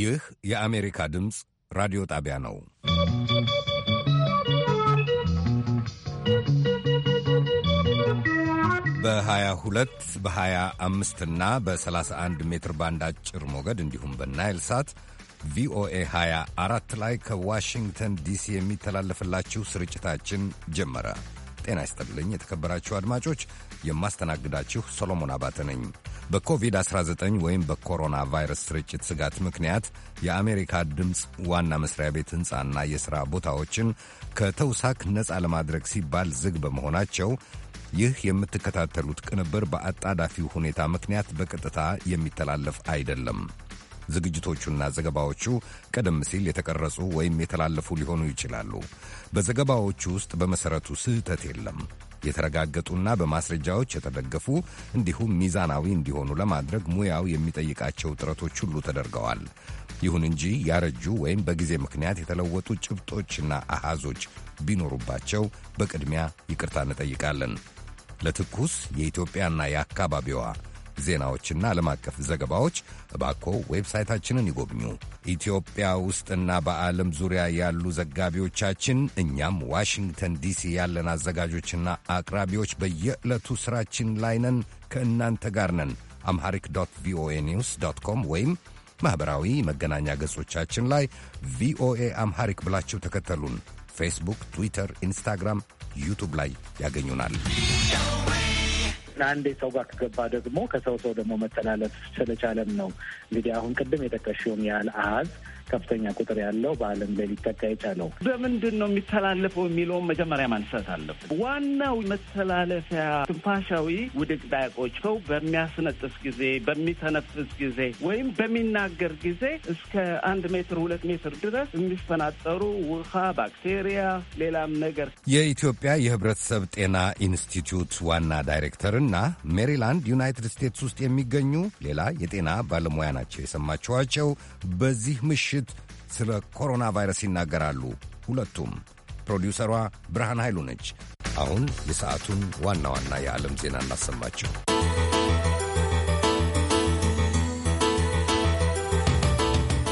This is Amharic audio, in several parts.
ይህ የአሜሪካ ድምፅ ራዲዮ ጣቢያ ነው። በ22 በ25 እና በ31 ሜትር ባንድ አጭር ሞገድ እንዲሁም በናይል ሳት ቪኦኤ 24 ላይ ከዋሽንግተን ዲሲ የሚተላለፍላችሁ ስርጭታችን ጀመረ። ጤና ይስጥልኝ የተከበራችሁ አድማጮች፣ የማስተናግዳችሁ ሰሎሞን አባተ ነኝ። በኮቪድ-19 ወይም በኮሮና ቫይረስ ስርጭት ስጋት ምክንያት የአሜሪካ ድምፅ ዋና መስሪያ ቤት ሕንፃና የሥራ ቦታዎችን ከተውሳክ ነፃ ለማድረግ ሲባል ዝግ በመሆናቸው ይህ የምትከታተሉት ቅንብር በአጣዳፊው ሁኔታ ምክንያት በቀጥታ የሚተላለፍ አይደለም። ዝግጅቶቹና ዘገባዎቹ ቀደም ሲል የተቀረጹ ወይም የተላለፉ ሊሆኑ ይችላሉ። በዘገባዎቹ ውስጥ በመሠረቱ ስህተት የለም። የተረጋገጡና በማስረጃዎች የተደገፉ እንዲሁም ሚዛናዊ እንዲሆኑ ለማድረግ ሙያው የሚጠይቃቸው ጥረቶች ሁሉ ተደርገዋል። ይሁን እንጂ ያረጁ ወይም በጊዜ ምክንያት የተለወጡ ጭብጦችና አሃዞች ቢኖሩባቸው በቅድሚያ ይቅርታ እንጠይቃለን። ለትኩስ የኢትዮጵያና የአካባቢዋ ዜናዎችና ዓለም አቀፍ ዘገባዎች እባኮ ዌብሳይታችንን ይጎብኙ። ኢትዮጵያ ውስጥና በዓለም ዙሪያ ያሉ ዘጋቢዎቻችን፣ እኛም ዋሽንግተን ዲሲ ያለን አዘጋጆችና አቅራቢዎች በየዕለቱ ሥራችን ላይ ነን። ከእናንተ ጋር ነን። አምሐሪክ ዶት ቪኦኤ ኒውስ ዶት ኮም ወይም ማኅበራዊ መገናኛ ገጾቻችን ላይ ቪኦኤ አምሐሪክ ብላችሁ ተከተሉን። ፌስቡክ፣ ትዊተር፣ ኢንስታግራም፣ ዩቱብ ላይ ያገኙናል። አንዴ ሰው ጋር ከገባ ደግሞ ከሰው ሰው ደግሞ መተላለፍ ስለቻለም ነው እንግዲህ አሁን ቅድም የጠቀሽውን ያህል አሀዝ ከፍተኛ ቁጥር ያለው በዓለም ላይ ሊጠቃ የቻለው በምንድን ነው የሚተላለፈው የሚለውን መጀመሪያ ማንሳት አለብን። ዋናው መተላለፊያ ትንፋሻዊ ውድቅዳቆች ሰው በሚያስነጥስ ጊዜ፣ በሚተነፍስ ጊዜ ወይም በሚናገር ጊዜ እስከ አንድ ሜትር ሁለት ሜትር ድረስ የሚፈናጠሩ ውሃ፣ ባክቴሪያ፣ ሌላም ነገር የኢትዮጵያ የህብረተሰብ ጤና ኢንስቲትዩት ዋና ዳይሬክተር እና ሜሪላንድ ዩናይትድ ስቴትስ ውስጥ የሚገኙ ሌላ የጤና ባለሙያ ናቸው የሰማችኋቸው በዚህ ምሽ ምሽት ስለ ኮሮና ቫይረስ ይናገራሉ ሁለቱም። ፕሮዲውሰሯ ብርሃን ኃይሉ ነች። አሁን የሰዓቱን ዋና ዋና የዓለም ዜና እናሰማችሁ።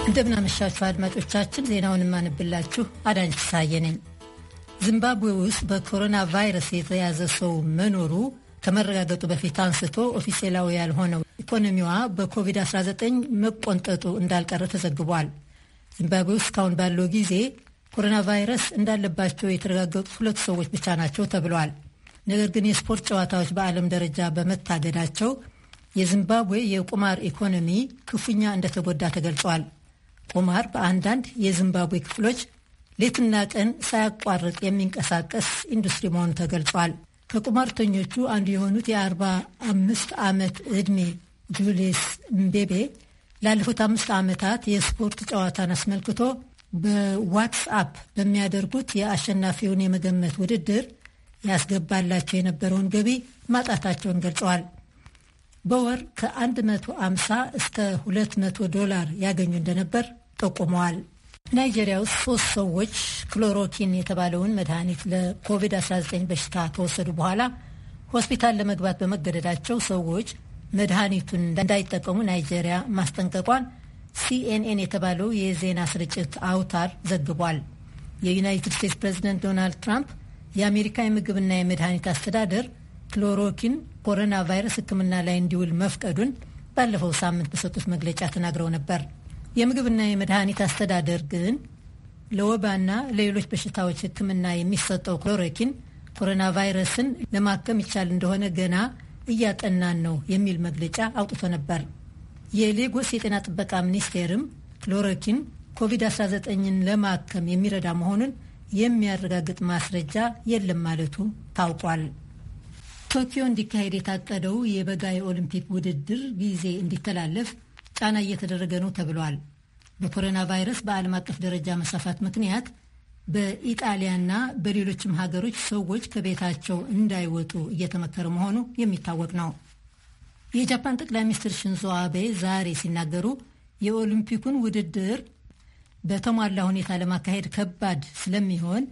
እንደምናመሻችሁ አድማጮቻችን፣ ዜናውን የማነብላችሁ አዳንች ሳየ ነኝ። ዚምባብዌ ውስጥ በኮሮና ቫይረስ የተያዘ ሰው መኖሩ ከመረጋገጡ በፊት አንስቶ ኦፊሴላዊ ያልሆነው ኢኮኖሚዋ በኮቪድ-19 መቆንጠጡ እንዳልቀረ ተዘግቧል። ዚምባብዌ ውስጥ እስካሁን ባለው ጊዜ ኮሮና ቫይረስ እንዳለባቸው የተረጋገጡ ሁለት ሰዎች ብቻ ናቸው ተብለዋል። ነገር ግን የስፖርት ጨዋታዎች በዓለም ደረጃ በመታገዳቸው የዚምባብዌ የቁማር ኢኮኖሚ ክፉኛ እንደተጎዳ ተገልጿል። ቁማር በአንዳንድ የዚምባብዌ ክፍሎች ሌትና ቀን ሳያቋርጥ የሚንቀሳቀስ ኢንዱስትሪ መሆኑ ተገልጿል። ከቁማርተኞቹ አንዱ የሆኑት የ45 ዓመት ዕድሜ ጁሊስ ምቤቤ ላለፉት አምስት ዓመታት የስፖርት ጨዋታን አስመልክቶ በዋትስአፕ በሚያደርጉት የአሸናፊውን የመገመት ውድድር ያስገባላቸው የነበረውን ገቢ ማጣታቸውን ገልጸዋል። በወር ከ150 እስከ 200 ዶላር ያገኙ እንደነበር ጠቁመዋል። ናይጄሪያ ውስጥ ሶስት ሰዎች ክሎሮኪን የተባለውን መድኃኒት ለኮቪድ-19 በሽታ ከወሰዱ በኋላ ሆስፒታል ለመግባት በመገደዳቸው ሰዎች መድኃኒቱን እንዳይጠቀሙ ናይጄሪያ ማስጠንቀቋን ሲኤንኤን የተባለው የዜና ስርጭት አውታር ዘግቧል። የዩናይትድ ስቴትስ ፕሬዚደንት ዶናልድ ትራምፕ የአሜሪካ የምግብና የመድኃኒት አስተዳደር ክሎሮኪን ኮሮና ቫይረስ ሕክምና ላይ እንዲውል መፍቀዱን ባለፈው ሳምንት በሰጡት መግለጫ ተናግረው ነበር። የምግብና የመድኃኒት አስተዳደር ግን ለወባና ለሌሎች በሽታዎች ሕክምና የሚሰጠው ክሎሮኪን ኮሮና ቫይረስን ለማከም ይቻል እንደሆነ ገና እያጠናን ነው የሚል መግለጫ አውጥቶ ነበር። የሌጎስ የጤና ጥበቃ ሚኒስቴርም ክሎሮኪን ኮቪድ-19ን ለማከም የሚረዳ መሆኑን የሚያረጋግጥ ማስረጃ የለም ማለቱ ታውቋል። ቶኪዮ እንዲካሄድ የታቀደው የበጋ የኦሊምፒክ ውድድር ጊዜ እንዲተላለፍ ጫና እየተደረገ ነው ተብሏል። በኮሮና ቫይረስ በዓለም አቀፍ ደረጃ መስፋፋት ምክንያት በኢጣሊያና በሌሎችም ሀገሮች ሰዎች ከቤታቸው እንዳይወጡ እየተመከረ መሆኑ የሚታወቅ ነው። የጃፓን ጠቅላይ ሚኒስትር ሽንዞ አቤ ዛሬ ሲናገሩ የኦሊምፒኩን ውድድር በተሟላ ሁኔታ ለማካሄድ ከባድ ስለሚሆን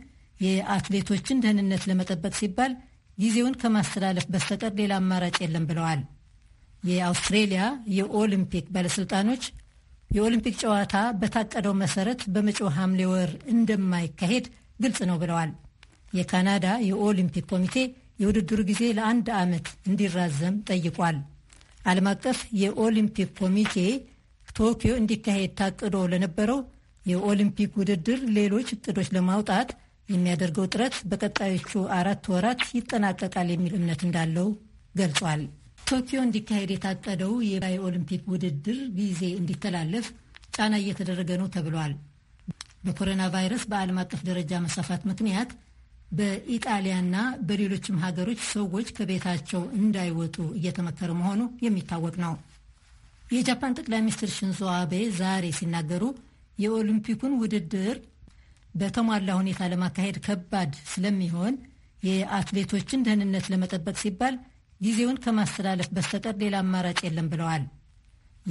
የአትሌቶችን ደህንነት ለመጠበቅ ሲባል ጊዜውን ከማስተላለፍ በስተቀር ሌላ አማራጭ የለም ብለዋል። የአውስትሬሊያ የኦሊምፒክ ባለስልጣኖች የኦሊምፒክ ጨዋታ በታቀደው መሰረት በመጪው ሐምሌ ወር እንደማይካሄድ ግልጽ ነው ብለዋል። የካናዳ የኦሊምፒክ ኮሚቴ የውድድሩ ጊዜ ለአንድ ዓመት እንዲራዘም ጠይቋል። ዓለም አቀፍ የኦሊምፒክ ኮሚቴ ቶኪዮ እንዲካሄድ ታቅዶ ለነበረው የኦሊምፒክ ውድድር ሌሎች እቅዶች ለማውጣት የሚያደርገው ጥረት በቀጣዮቹ አራት ወራት ይጠናቀቃል የሚል እምነት እንዳለው ገልጿል። ቶኪዮ እንዲካሄድ የታቀደው የኦሊምፒክ ውድድር ጊዜ እንዲተላለፍ ጫና እየተደረገ ነው ተብሏል። በኮሮና ቫይረስ በዓለም አቀፍ ደረጃ መስፋፋት ምክንያት በኢጣሊያና በሌሎችም ሀገሮች ሰዎች ከቤታቸው እንዳይወጡ እየተመከረ መሆኑ የሚታወቅ ነው። የጃፓን ጠቅላይ ሚኒስትር ሽንዞ አቤ ዛሬ ሲናገሩ የኦሊምፒኩን ውድድር በተሟላ ሁኔታ ለማካሄድ ከባድ ስለሚሆን የአትሌቶችን ደህንነት ለመጠበቅ ሲባል ጊዜውን ከማስተላለፍ በስተቀር ሌላ አማራጭ የለም ብለዋል።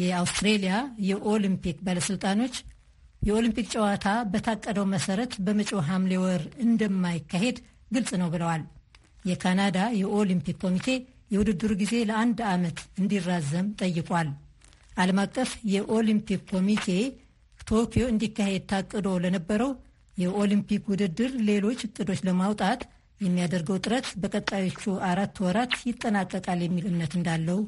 የአውስትሬሊያ የኦሊምፒክ ባለሥልጣኖች የኦሊምፒክ ጨዋታ በታቀደው መሰረት በመጪው ሐምሌ ወር እንደማይካሄድ ግልጽ ነው ብለዋል። የካናዳ የኦሊምፒክ ኮሚቴ የውድድሩ ጊዜ ለአንድ ዓመት እንዲራዘም ጠይቋል። ዓለም አቀፍ የኦሊምፒክ ኮሚቴ ቶኪዮ እንዲካሄድ ታቅዶ ለነበረው የኦሊምፒክ ውድድር ሌሎች እቅዶች ለማውጣት የሚያደርገው ጥረት በቀጣዮቹ አራት ወራት ይጠናቀቃል የሚል እምነት እንዳለው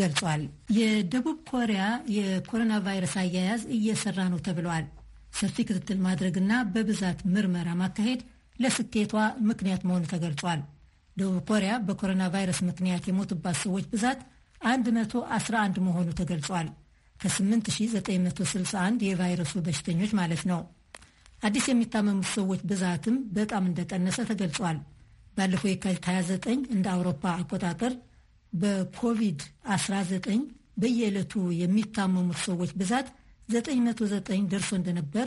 ገልጿል። የደቡብ ኮሪያ የኮሮና ቫይረስ አያያዝ እየሰራ ነው ተብለዋል። ሰፊ ክትትል ማድረግና በብዛት ምርመራ ማካሄድ ለስኬቷ ምክንያት መሆኑ ተገልጿል። ደቡብ ኮሪያ በኮሮና ቫይረስ ምክንያት የሞቱባት ሰዎች ብዛት 111 መሆኑ ተገልጿል። ከ8961 የቫይረሱ በሽተኞች ማለት ነው። አዲስ የሚታመሙት ሰዎች ብዛትም በጣም እንደቀነሰ ተገልጿል። ባለፈው የካቲት 29 እንደ አውሮፓ አቆጣጠር በኮቪድ-19 በየዕለቱ የሚታመሙት ሰዎች ብዛት 909 ደርሶ እንደነበር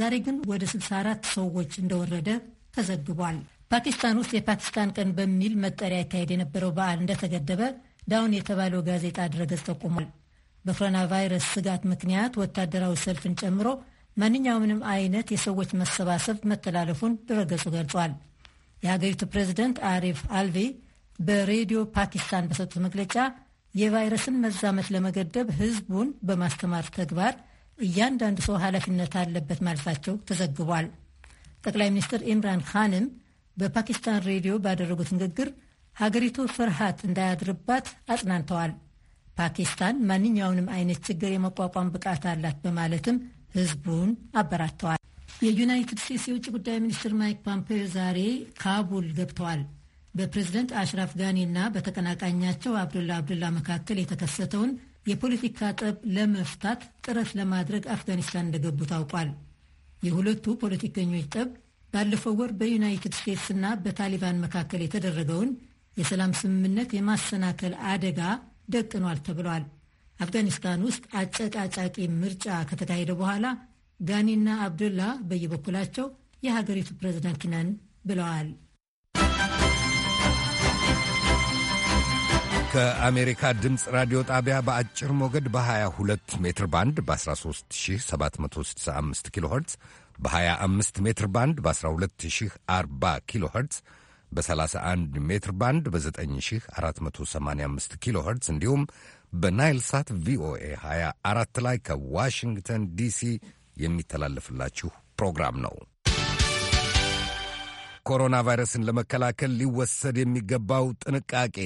ዛሬ ግን ወደ 64 ሰዎች እንደወረደ ተዘግቧል። ፓኪስታን ውስጥ የፓኪስታን ቀን በሚል መጠሪያ ይካሄድ የነበረው በዓል እንደተገደበ ዳውን የተባለው ጋዜጣ ድረገጽ ጠቁሟል። በኮሮና ቫይረስ ስጋት ምክንያት ወታደራዊ ሰልፍን ጨምሮ ማንኛውንም አይነት የሰዎች መሰባሰብ መተላለፉን ድረገጹ ገልጿል። የሀገሪቱ ፕሬዚደንት አሪፍ አልቪ በሬዲዮ ፓኪስታን በሰጡት መግለጫ የቫይረስን መዛመት ለመገደብ ህዝቡን በማስተማር ተግባር እያንዳንዱ ሰው ኃላፊነት አለበት ማለታቸው ተዘግቧል። ጠቅላይ ሚኒስትር ኢምራን ካንም በፓኪስታን ሬዲዮ ባደረጉት ንግግር ሀገሪቱ ፍርሃት እንዳያድርባት አጽናንተዋል። ፓኪስታን ማንኛውንም አይነት ችግር የመቋቋም ብቃት አላት በማለትም ህዝቡን አበራተዋል። የዩናይትድ ስቴትስ የውጭ ጉዳይ ሚኒስትር ማይክ ፖምፔዮ ዛሬ ካቡል ገብተዋል። በፕሬዝደንት አሽራፍ ጋኒ እና በተቀናቃኛቸው አብዱላ አብዱላ መካከል የተከሰተውን የፖለቲካ ጠብ ለመፍታት ጥረት ለማድረግ አፍጋኒስታን እንደገቡ ታውቋል። የሁለቱ ፖለቲከኞች ጠብ ባለፈው ወር በዩናይትድ ስቴትስ እና በታሊባን መካከል የተደረገውን የሰላም ስምምነት የማሰናከል አደጋ ደቅኗል ተብሏል። አፍጋኒስታን ውስጥ አጨቃጫቂ ምርጫ ከተካሄደ በኋላ ጋኒና አብዱላ በየበኩላቸው የሀገሪቱ ፕሬዝዳንት ነን ብለዋል። ከአሜሪካ ድምፅ ራዲዮ ጣቢያ በአጭር ሞገድ በ22 ሜትር ባንድ በ13765 ኪሎ ኸርትዝ በ25 ሜትር ባንድ በ12040 ኪሎ ኸርትዝ በ31 ሜትር ባንድ በ9485 ኪሎ ኸርትዝ እንዲሁም በናይል ሳት ቪኦኤ 24 ላይ ከዋሽንግተን ዲሲ የሚተላለፍላችሁ ፕሮግራም ነው። ኮሮና ቫይረስን ለመከላከል ሊወሰድ የሚገባው ጥንቃቄ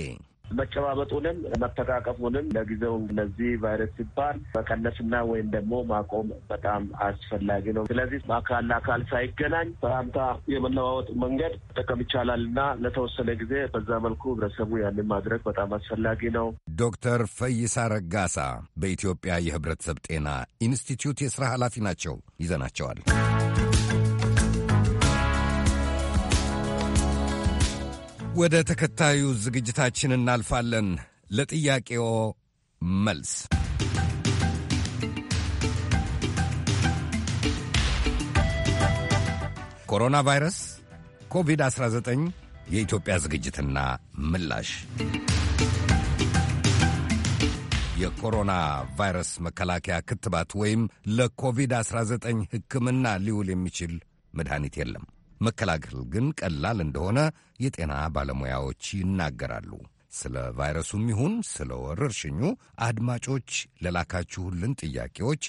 መጨባበጡንም መተቃቀፉንም ለጊዜው ለዚህ ቫይረስ ሲባል መቀነስና ወይም ደግሞ ማቆም በጣም አስፈላጊ ነው። ስለዚህ አካል ለአካል ሳይገናኝ በአምታ የመለዋወጥ መንገድ መጠቀም ይቻላል እና ለተወሰነ ጊዜ በዛ መልኩ ህብረተሰቡ ያንን ማድረግ በጣም አስፈላጊ ነው። ዶክተር ፈይሳ ረጋሳ በኢትዮጵያ የህብረተሰብ ጤና ኢንስቲትዩት የስራ ኃላፊ ናቸው። ይዘናቸዋል። ወደ ተከታዩ ዝግጅታችን እናልፋለን። ለጥያቄዎ መልስ ኮሮና ቫይረስ ኮቪድ-19 የኢትዮጵያ ዝግጅትና ምላሽ የኮሮና ቫይረስ መከላከያ ክትባት ወይም ለኮቪድ-19 ሕክምና ሊውል የሚችል መድኃኒት የለም። መከላከል ግን ቀላል እንደሆነ የጤና ባለሙያዎች ይናገራሉ። ስለ ቫይረሱም ይሁን ስለ ወረርሽኙ አድማጮች ለላካችሁልን ጥያቄዎች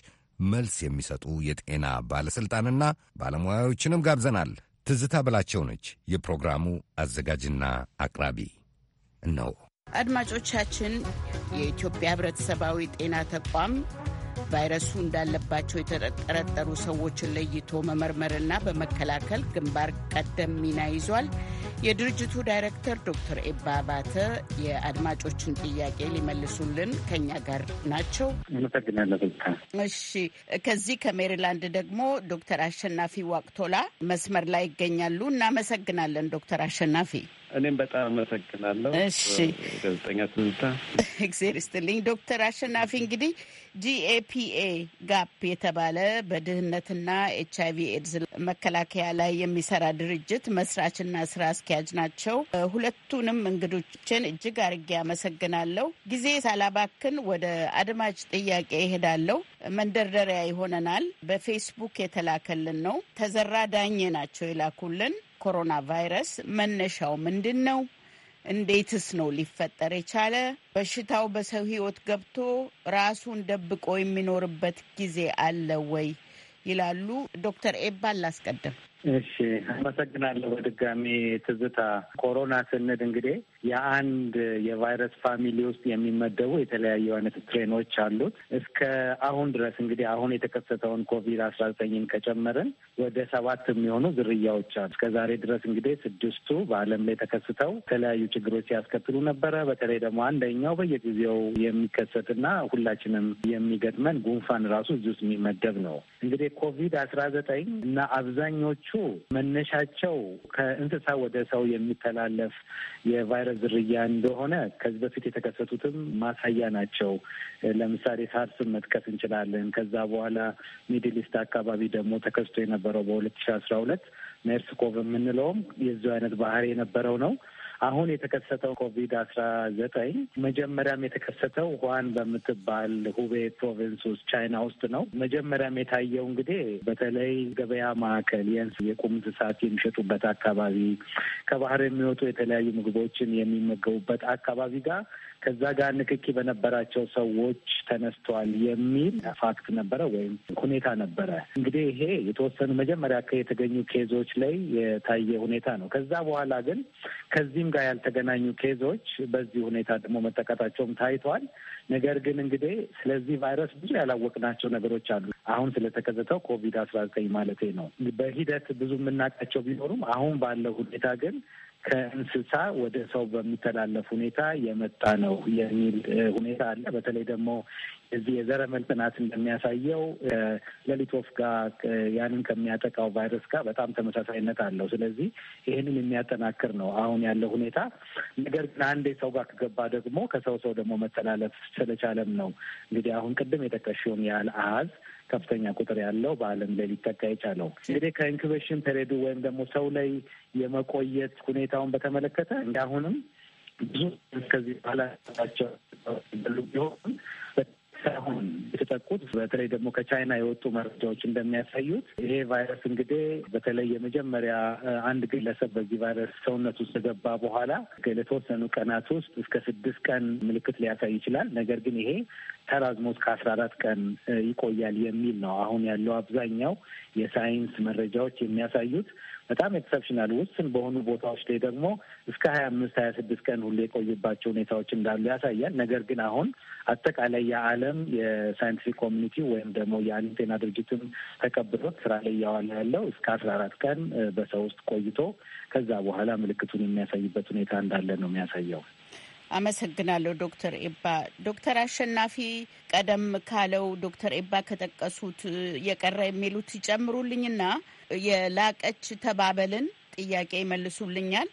መልስ የሚሰጡ የጤና ባለሥልጣንና ባለሙያዎችንም ጋብዘናል። ትዝታ ብላቸው ነች የፕሮግራሙ አዘጋጅና አቅራቢ ነው። አድማጮቻችን የኢትዮጵያ ሕብረተሰባዊ ጤና ተቋም ቫይረሱ እንዳለባቸው የተጠረጠሩ ሰዎችን ለይቶ መመርመርና በመከላከል ግንባር ቀደም ሚና ይዟል። የድርጅቱ ዳይሬክተር ዶክተር ኤባ አባተ የአድማጮችን ጥያቄ ሊመልሱልን ከኛ ጋር ናቸው። እሺ፣ ከዚህ ከሜሪላንድ ደግሞ ዶክተር አሸናፊ ዋቅቶላ መስመር ላይ ይገኛሉ። እናመሰግናለን ዶክተር አሸናፊ። እኔም በጣም አመሰግናለሁ። እሺ፣ ጋዜጠኛ ትዝታ እግዜር ይስጥልኝ። ዶክተር አሸናፊ እንግዲህ ጂኤፒኤ ጋፕ የተባለ በድህነትና ኤች አይቪ ኤድስ መከላከያ ላይ የሚሰራ ድርጅት መስራችና ስራ አስኪያጅ ናቸው። ሁለቱንም እንግዶችን እጅግ አርጌ አመሰግናለሁ። ጊዜ ሳላባክን ወደ አድማጭ ጥያቄ እሄዳለሁ። መንደርደሪያ ይሆነናል። በፌስቡክ የተላከልን ነው። ተዘራ ዳኜ ናቸው የላኩልን። ኮሮና ቫይረስ መነሻው ምንድን ነው? እንዴትስ ነው ሊፈጠር የቻለ? በሽታው በሰው ህይወት ገብቶ ራሱን ደብቆ የሚኖርበት ጊዜ አለ ወይ? ይላሉ ዶክተር ኤባ ላስቀድም እሺ አመሰግናለሁ። በድጋሚ ትዝታ፣ ኮሮና ስንል እንግዲህ የአንድ የቫይረስ ፋሚሊ ውስጥ የሚመደቡ የተለያዩ አይነት ስትሬኖች አሉት። እስከ አሁን ድረስ እንግዲህ አሁን የተከሰተውን ኮቪድ አስራ ዘጠኝን ከጨመርን ወደ ሰባት የሚሆኑ ዝርያዎች አሉ። እስከ ዛሬ ድረስ እንግዲህ ስድስቱ በዓለም ላይ ተከስተው የተለያዩ ችግሮች ሲያስከትሉ ነበረ። በተለይ ደግሞ አንደኛው በየጊዜው የሚከሰትና ሁላችንም የሚገጥመን ጉንፋን ራሱ እዚህ ውስጥ የሚመደብ ነው። እንግዲህ ኮቪድ አስራ ዘጠኝ እና አብዛኞቹ መነሻቸው ከእንስሳ ወደ ሰው የሚተላለፍ የቫይረስ ዝርያ እንደሆነ ከዚህ በፊት የተከሰቱትም ማሳያ ናቸው። ለምሳሌ ሳርስን መጥቀስ እንችላለን። ከዛ በኋላ ሚድል ኢስት አካባቢ ደግሞ ተከስቶ የነበረው በሁለት ሺ አስራ ሁለት ሜርስኮቭ የምንለውም የዚሁ አይነት ባህሪ የነበረው ነው። አሁን የተከሰተው ኮቪድ አስራ ዘጠኝ መጀመሪያም የተከሰተው ዋን በምትባል ሁቤ ፕሮቪንስ ውስጥ ቻይና ውስጥ ነው። መጀመሪያም የታየው እንግዲህ በተለይ ገበያ ማዕከል የንስ የቁም እንስሳት የሚሸጡበት አካባቢ፣ ከባህር የሚወጡ የተለያዩ ምግቦችን የሚመገቡበት አካባቢ ጋር ከዛ ጋር ንክኪ በነበራቸው ሰዎች ተነስተዋል የሚል ፋክት ነበረ ወይም ሁኔታ ነበረ። እንግዲህ ይሄ የተወሰኑ መጀመሪያ የተገኙ ኬዞች ላይ የታየ ሁኔታ ነው። ከዛ በኋላ ግን ከዚህም ጋር ያልተገናኙ ኬዞች በዚህ ሁኔታ ደግሞ መጠቃታቸውም ታይቷል። ነገር ግን እንግዲህ ስለዚህ ቫይረስ ብዙ ያላወቅናቸው ነገሮች አሉ። አሁን ስለተከሰተው ኮቪድ አስራ ዘጠኝ ማለት ነው። በሂደት ብዙ የምናውቃቸው ቢኖሩም አሁን ባለው ሁኔታ ግን ከእንስሳ ወደ ሰው በሚተላለፍ ሁኔታ የመጣ ነው የሚል ሁኔታ አለ። በተለይ ደግሞ እዚህ የዘረመል ጥናት እንደሚያሳየው ሌሊት ወፍ ጋር ያንን ከሚያጠቃው ቫይረስ ጋር በጣም ተመሳሳይነት አለው። ስለዚህ ይህንን የሚያጠናክር ነው አሁን ያለው ሁኔታ። ነገር ግን አንዴ ሰው ጋር ከገባ ደግሞ ከሰው ሰው ደግሞ መተላለፍ ስለቻለም ነው እንግዲህ አሁን ቅድም የጠቀሽውን ያህል አሀዝ ከፍተኛ ቁጥር ያለው በዓለም ላይ ሊጠቃ የቻለው እንግዲህ ከኢንኩቤሽን ፔሬዱ ወይም ደግሞ ሰው ላይ የመቆየት ሁኔታውን በተመለከተ እንዳሁንም ብዙ ከዚህ በኋላ ቸው ቢሆን ሳይሆን የተጠቁት በተለይ ደግሞ ከቻይና የወጡ መረጃዎች እንደሚያሳዩት ይሄ ቫይረስ እንግዲህ በተለይ የመጀመሪያ አንድ ግለሰብ በዚህ ቫይረስ ሰውነት ውስጥ ገባ በኋላ ለተወሰኑ ቀናት ውስጥ እስከ ስድስት ቀን ምልክት ሊያሳይ ይችላል። ነገር ግን ይሄ ተራዝሞ እስከ አስራ አራት ቀን ይቆያል የሚል ነው አሁን ያለው አብዛኛው የሳይንስ መረጃዎች የሚያሳዩት። በጣም ኤክሰፕሽናል ውስን በሆኑ ቦታዎች ላይ ደግሞ እስከ ሀያ አምስት ሀያ ስድስት ቀን ሁሉ የቆዩባቸው ሁኔታዎች እንዳሉ ያሳያል። ነገር ግን አሁን አጠቃላይ የዓለም የሳይንቲፊክ ኮሚኒቲ ወይም ደግሞ የዓለም ጤና ድርጅትም ተቀብሎት ስራ ላይ እያዋለ ያለው እስከ አስራ አራት ቀን በሰው ውስጥ ቆይቶ ከዛ በኋላ ምልክቱን የሚያሳይበት ሁኔታ እንዳለ ነው የሚያሳየው። አመሰግናለሁ ዶክተር ኤባ። ዶክተር አሸናፊ ቀደም ካለው ዶክተር ኤባ ከጠቀሱት የቀረ የሚሉት ይጨምሩልኝና የላቀች ተባበልን ጥያቄ ይመልሱልኛል።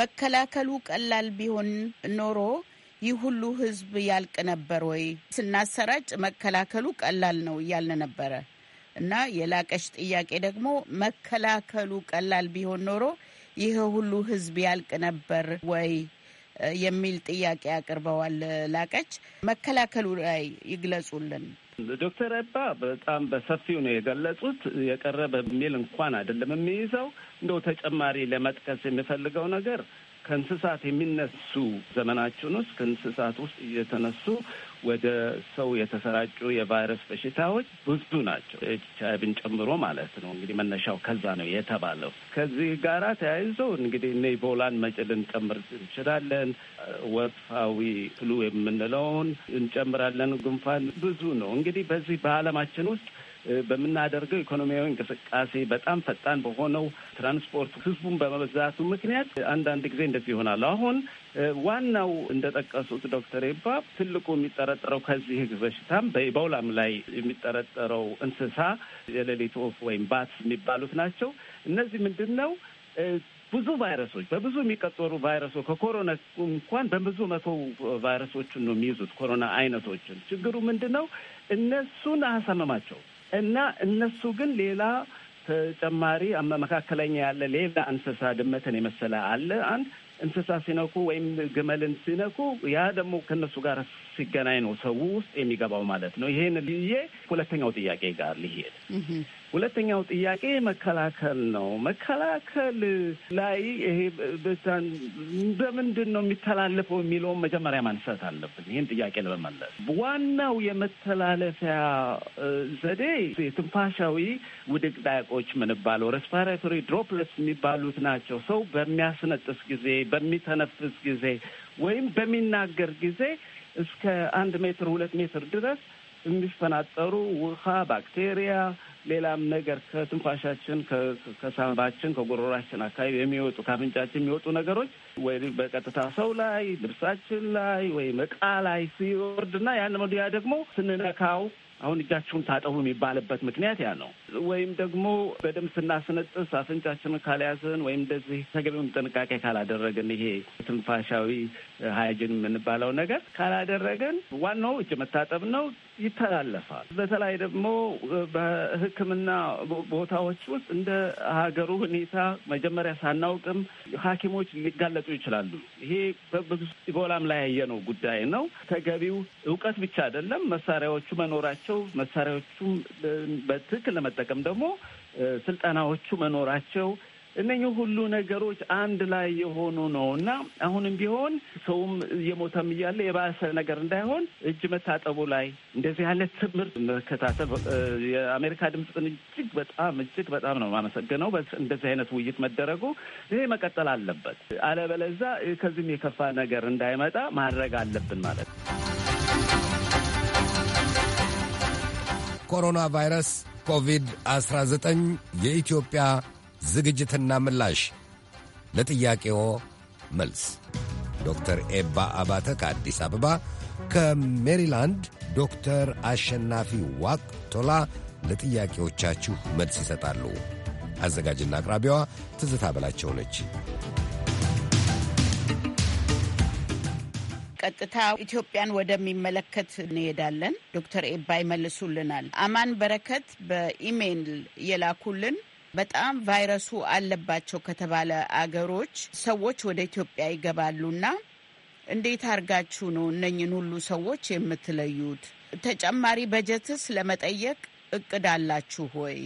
መከላከሉ ቀላል ቢሆን ኖሮ ይህ ሁሉ ህዝብ ያልቅ ነበር ወይ? ስናሰራጭ መከላከሉ ቀላል ነው እያልን ነበረ እና የላቀች ጥያቄ ደግሞ መከላከሉ ቀላል ቢሆን ኖሮ ይህ ሁሉ ህዝብ ያልቅ ነበር ወይ የሚል ጥያቄ አቅርበዋል። ላቀች መከላከሉ ላይ ይግለጹልን። ዶክተር አባ በጣም በሰፊው ነው የገለጹት። የቀረበ ሚል እንኳን አይደለም የሚይዘው እንደው ተጨማሪ ለመጥቀስ የሚፈልገው ነገር ከእንስሳት የሚነሱ ዘመናችን ውስጥ ከእንስሳት ውስጥ እየተነሱ ወደ ሰው የተሰራጩ የቫይረስ በሽታዎች ብዙ ናቸው። ኤች ጨምሮ ማለት ነው። እንግዲህ መነሻው ከዛ ነው የተባለው። ከዚህ ጋር ተያይዞ እንግዲህ እነ ኢቦላን መጭ ልንጨምር እንችላለን። ወፋዊ ፍሉ የምንለውን እንጨምራለን። ጉንፋን ብዙ ነው እንግዲህ በዚህ በዓለማችን ውስጥ በምናደርገው ኢኮኖሚያዊ እንቅስቃሴ በጣም ፈጣን በሆነው ትራንስፖርት ህዝቡን በመብዛቱ ምክንያት አንዳንድ ጊዜ እንደዚህ ይሆናል። አሁን ዋናው እንደጠቀሱት ዶክተር ኤባ ትልቁ የሚጠረጠረው ከዚህ በሽታም በኢቦላም ላይ የሚጠረጠረው እንስሳ የሌሊት ወፍ ወይም ባት የሚባሉት ናቸው። እነዚህ ምንድን ነው? ብዙ ቫይረሶች በብዙ የሚቀጠሩ ቫይረሶች ከኮሮና እንኳን በብዙ መቶ ቫይረሶችን ነው የሚይዙት ኮሮና አይነቶችን። ችግሩ ምንድን ነው? እነሱን አያሳመማቸው እና እነሱ ግን ሌላ ተጨማሪ መካከለኛ ያለ ሌላ እንስሳ ድመትን የመሰለ አለ። አንድ እንስሳ ሲነኩ ወይም ግመልን ሲነኩ ያ ደግሞ ከእነሱ ጋር ሲገናኝ ነው ሰው ውስጥ የሚገባው ማለት ነው። ይሄን ልዬ ሁለተኛው ጥያቄ ጋር ሊሄድ ሁለተኛው ጥያቄ መከላከል ነው። መከላከል ላይ ይሄ በዛን በምንድን ነው የሚተላለፈው የሚለውን መጀመሪያ ማንሳት አለብን። ይህን ጥያቄ ለመመለስ ዋናው የመተላለፊያ ዘዴ የትንፋሻዊ ውድቅ ዳያቆች ምንባለው ሬስፓራቶሪ ድሮፕለስ የሚባሉት ናቸው። ሰው በሚያስነጥስ ጊዜ፣ በሚተነፍስ ጊዜ ወይም በሚናገር ጊዜ እስከ አንድ ሜትር ሁለት ሜትር ድረስ የሚፈናጠሩ ውሃ ባክቴሪያ ሌላም ነገር ከትንፋሻችን፣ ከሳንባችን፣ ከጉሮሯችን አካባቢ የሚወጡ ከአፍንጫችን የሚወጡ ነገሮች ወይ በቀጥታ ሰው ላይ ልብሳችን ላይ ወይ እቃ ላይ ሲወርድና ያን መዱያ ደግሞ ስንነካው አሁን እጃችሁን ታጠቡ የሚባልበት ምክንያት ያ ነው። ወይም ደግሞ በደንብ ስናስነጥስ አፍንጫችንን ካልያዝን ወይም እንደዚህ ተገቢውን ጥንቃቄ ካላደረግን ይሄ ትንፋሻዊ ሀያጅን የምንባለው ነገር ካላደረገን ዋናው እጅ መታጠብ ነው፣ ይተላለፋል። በተለይ ደግሞ በሕክምና ቦታዎች ውስጥ እንደ ሀገሩ ሁኔታ መጀመሪያ ሳናውቅም ሐኪሞች ሊጋለጡ ይችላሉ። ይሄ በብዙ ኢቦላም ላይ ያየነው ጉዳይ ነው። ተገቢው እውቀት ብቻ አይደለም መሳሪያዎቹ መኖራቸው መሳሪያዎቹ በትክክል ለመጠቀም ደግሞ ስልጠናዎቹ መኖራቸው እነኚህ ሁሉ ነገሮች አንድ ላይ የሆኑ ነው እና አሁንም ቢሆን ሰውም እየሞተም እያለ የባሰ ነገር እንዳይሆን እጅ መታጠቡ ላይ እንደዚህ ያለ ትምህርት መከታተል የአሜሪካ ድምፅን እጅግ በጣም እጅግ በጣም ነው የማመሰግነው። እንደዚህ አይነት ውይይት መደረጉ ይሄ መቀጠል አለበት። አለበለዛ ከዚህም የከፋ ነገር እንዳይመጣ ማድረግ አለብን ማለት ነው። ኮሮና ቫይረስ ኮቪድ-19 የኢትዮጵያ ዝግጅትና ምላሽ ለጥያቄዎ መልስ ዶክተር ኤባ አባተ ከአዲስ አበባ፣ ከሜሪላንድ ዶክተር አሸናፊ ዋቅቶላ ለጥያቄዎቻችሁ መልስ ይሰጣሉ። አዘጋጅና አቅራቢዋ ትዝታ በላቸው ነች። ቀጥታ ኢትዮጵያን ወደሚመለከት እንሄዳለን። ዶክተር ኤባ ይመልሱልናል። አማን በረከት በኢሜይል የላኩልን በጣም ቫይረሱ አለባቸው ከተባለ አገሮች ሰዎች ወደ ኢትዮጵያ ይገባሉና እንዴት አድርጋችሁ ነው እነኝን ሁሉ ሰዎች የምትለዩት? ተጨማሪ በጀትስ ለመጠየቅ እቅድ አላችሁ ሆይ?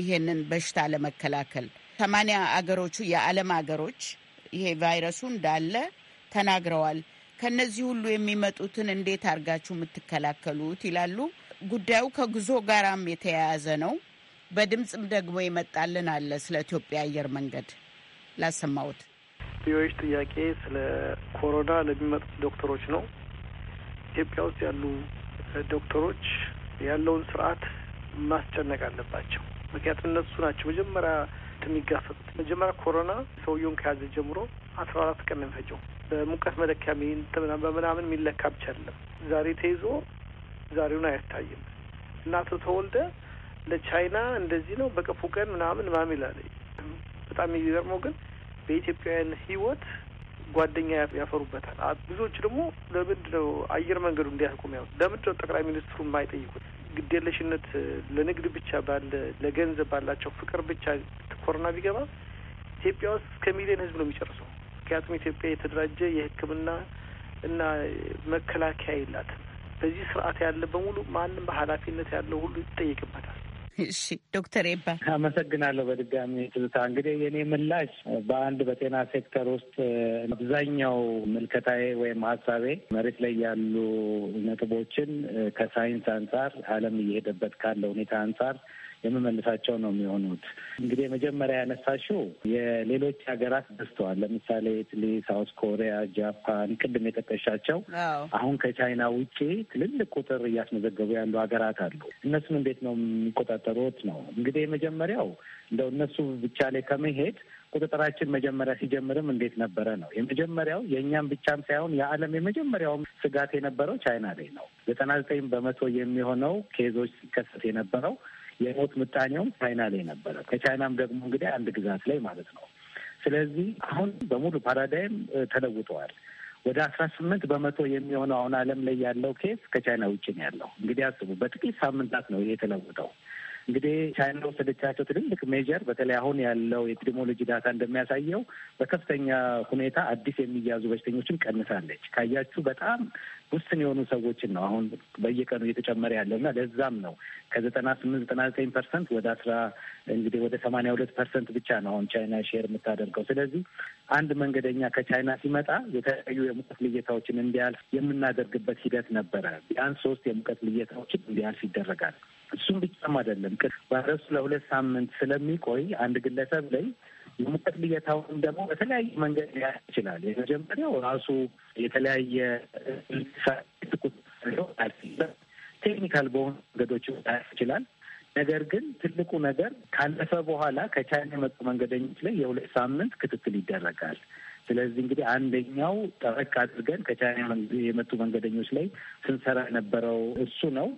ይሄንን በሽታ ለመከላከል ሰማንያ አገሮቹ የዓለም አገሮች ይሄ ቫይረሱ እንዳለ ተናግረዋል። ከነዚህ ሁሉ የሚመጡትን እንዴት አድርጋችሁ የምትከላከሉት ይላሉ። ጉዳዩ ከጉዞ ጋራም የተያያዘ ነው። በድምፅም ደግሞ ይመጣልን አለ። ስለ ኢትዮጵያ አየር መንገድ ላሰማሁት ቪዎች ጥያቄ ስለ ኮሮና ለሚመጡት ዶክተሮች ነው። ኢትዮጵያ ውስጥ ያሉ ዶክተሮች ያለውን ስርዓት ማስጨነቅ አለባቸው። ምክንያቱም እነሱ ናቸው መጀመሪያ የሚጋፈጡት። መጀመሪያ ኮሮና ሰውየውን ከያዘ ጀምሮ አስራ አራት ቀን ነው የሚፈጀው። በሙቀት መለኪያ በምናምን የሚለካ ብቻ አይደለም። ዛሬ ተይዞ ዛሬውን አያታይም። እናቱ ተወልደ ለቻይና እንደዚህ ነው በቅፉ ቀን ምናምን ምናምን ይላል። በጣም የሚገርመው ግን በኢትዮጵያውያን ህይወት ጓደኛ ያፈሩበታል። ብዙዎች ደግሞ ለምንድን ነው አየር መንገዱ እንዲያስቆም ያው ለምንድን ነው ጠቅላይ ሚኒስትሩ የማይጠይቁት? ግዴለሽነት ለንግድ ብቻ ባለ ለገንዘብ ባላቸው ፍቅር ብቻ ኮሮና ቢገባ ኢትዮጵያ ውስጥ እስከ ሚሊዮን ህዝብ ነው የሚጨርሰው። ምክንያቱም ኢትዮጵያ የተደራጀ የህክምና እና መከላከያ የላትም። በዚህ ስርዓት ያለ በሙሉ ማንም በኃላፊነት ያለው ሁሉ ይጠይቅበታል። እሺ ዶክተር ኤባ አመሰግናለሁ። በድጋሚ ትዝታ፣ እንግዲህ የኔ ምላሽ በአንድ በጤና ሴክተር ውስጥ አብዛኛው ምልከታዬ ወይም ሀሳቤ መሬት ላይ ያሉ ነጥቦችን ከሳይንስ አንጻር ዓለም እየሄደበት ካለ ሁኔታ አንጻር የምመልሳቸው ነው የሚሆኑት። እንግዲህ የመጀመሪያ ያነሳሽው የሌሎች ሀገራት በዝተዋል። ለምሳሌ ኢትሊ፣ ሳውት ኮሪያ፣ ጃፓን ቅድም የጠቀሻቸው አሁን ከቻይና ውጭ ትልልቅ ቁጥር እያስመዘገቡ ያሉ ሀገራት አሉ። እነሱን እንዴት ነው የሚቆጣጠሩት ነው እንግዲህ የመጀመሪያው እንደው እነሱ ብቻ ላይ ከመሄድ ቁጥጥራችን መጀመሪያ ሲጀምርም እንዴት ነበረ ነው የመጀመሪያው። የእኛም ብቻም ሳይሆን የዓለም የመጀመሪያውም ስጋት የነበረው ቻይና ላይ ነው። ዘጠና ዘጠኝ በመቶ የሚሆነው ኬዞች ሲከሰት የነበረው የሞት ምጣኔውም ቻይና ላይ ነበረ። ከቻይናም ደግሞ እንግዲህ አንድ ግዛት ላይ ማለት ነው። ስለዚህ አሁን በሙሉ ፓራዳይም ተለውጠዋል። ወደ አስራ ስምንት በመቶ የሚሆነው አሁን ዓለም ላይ ያለው ኬስ ከቻይና ውጭ ነው ያለው። እንግዲህ አስቡ፣ በጥቂት ሳምንታት ነው ይሄ የተለወጠው። እንግዲህ ቻይና ወሰደቻቸው ትልልቅ ሜጀር በተለይ አሁን ያለው የኤፒዲሞሎጂ ዳታ እንደሚያሳየው በከፍተኛ ሁኔታ አዲስ የሚያዙ በሽተኞችን ቀንሳለች። ካያችሁ በጣም ውስን የሆኑ ሰዎችን ነው አሁን በየቀኑ እየተጨመረ ያለው እና ለዛም ነው ከዘጠና ስምንት ዘጠና ዘጠኝ ፐርሰንት ወደ አስራ እንግዲህ ወደ ሰማኒያ ሁለት ፐርሰንት ብቻ ነው አሁን ቻይና ሼር የምታደርገው። ስለዚህ አንድ መንገደኛ ከቻይና ሲመጣ የተለያዩ የሙቀት ልየታዎችን እንዲያልፍ የምናደርግበት ሂደት ነበረ። ቢያንስ ሶስት የሙቀት ልየታዎችን እንዲያልፍ ይደረጋል። እሱም ብቻም አይደለም። ቫይረሱ ለሁለት ሳምንት ስለሚቆይ አንድ ግለሰብ ላይ የሙቀት ልየታውንም ደግሞ በተለያየ መንገድ ሊያ ይችላል። የመጀመሪያው ራሱ የተለያየ ቴክኒካል በሆኑ መንገዶች ሊያልፍ ይችላል። ነገር ግን ትልቁ ነገር ካለፈ በኋላ ከቻይና የመጡ መንገደኞች ላይ የሁለት ሳምንት ክትትል ይደረጋል። ስለዚህ እንግዲህ አንደኛው ጠበቅ አድርገን ከቻይና የመጡ መንገደኞች ላይ ስንሰራ የነበረው እሱ ነው።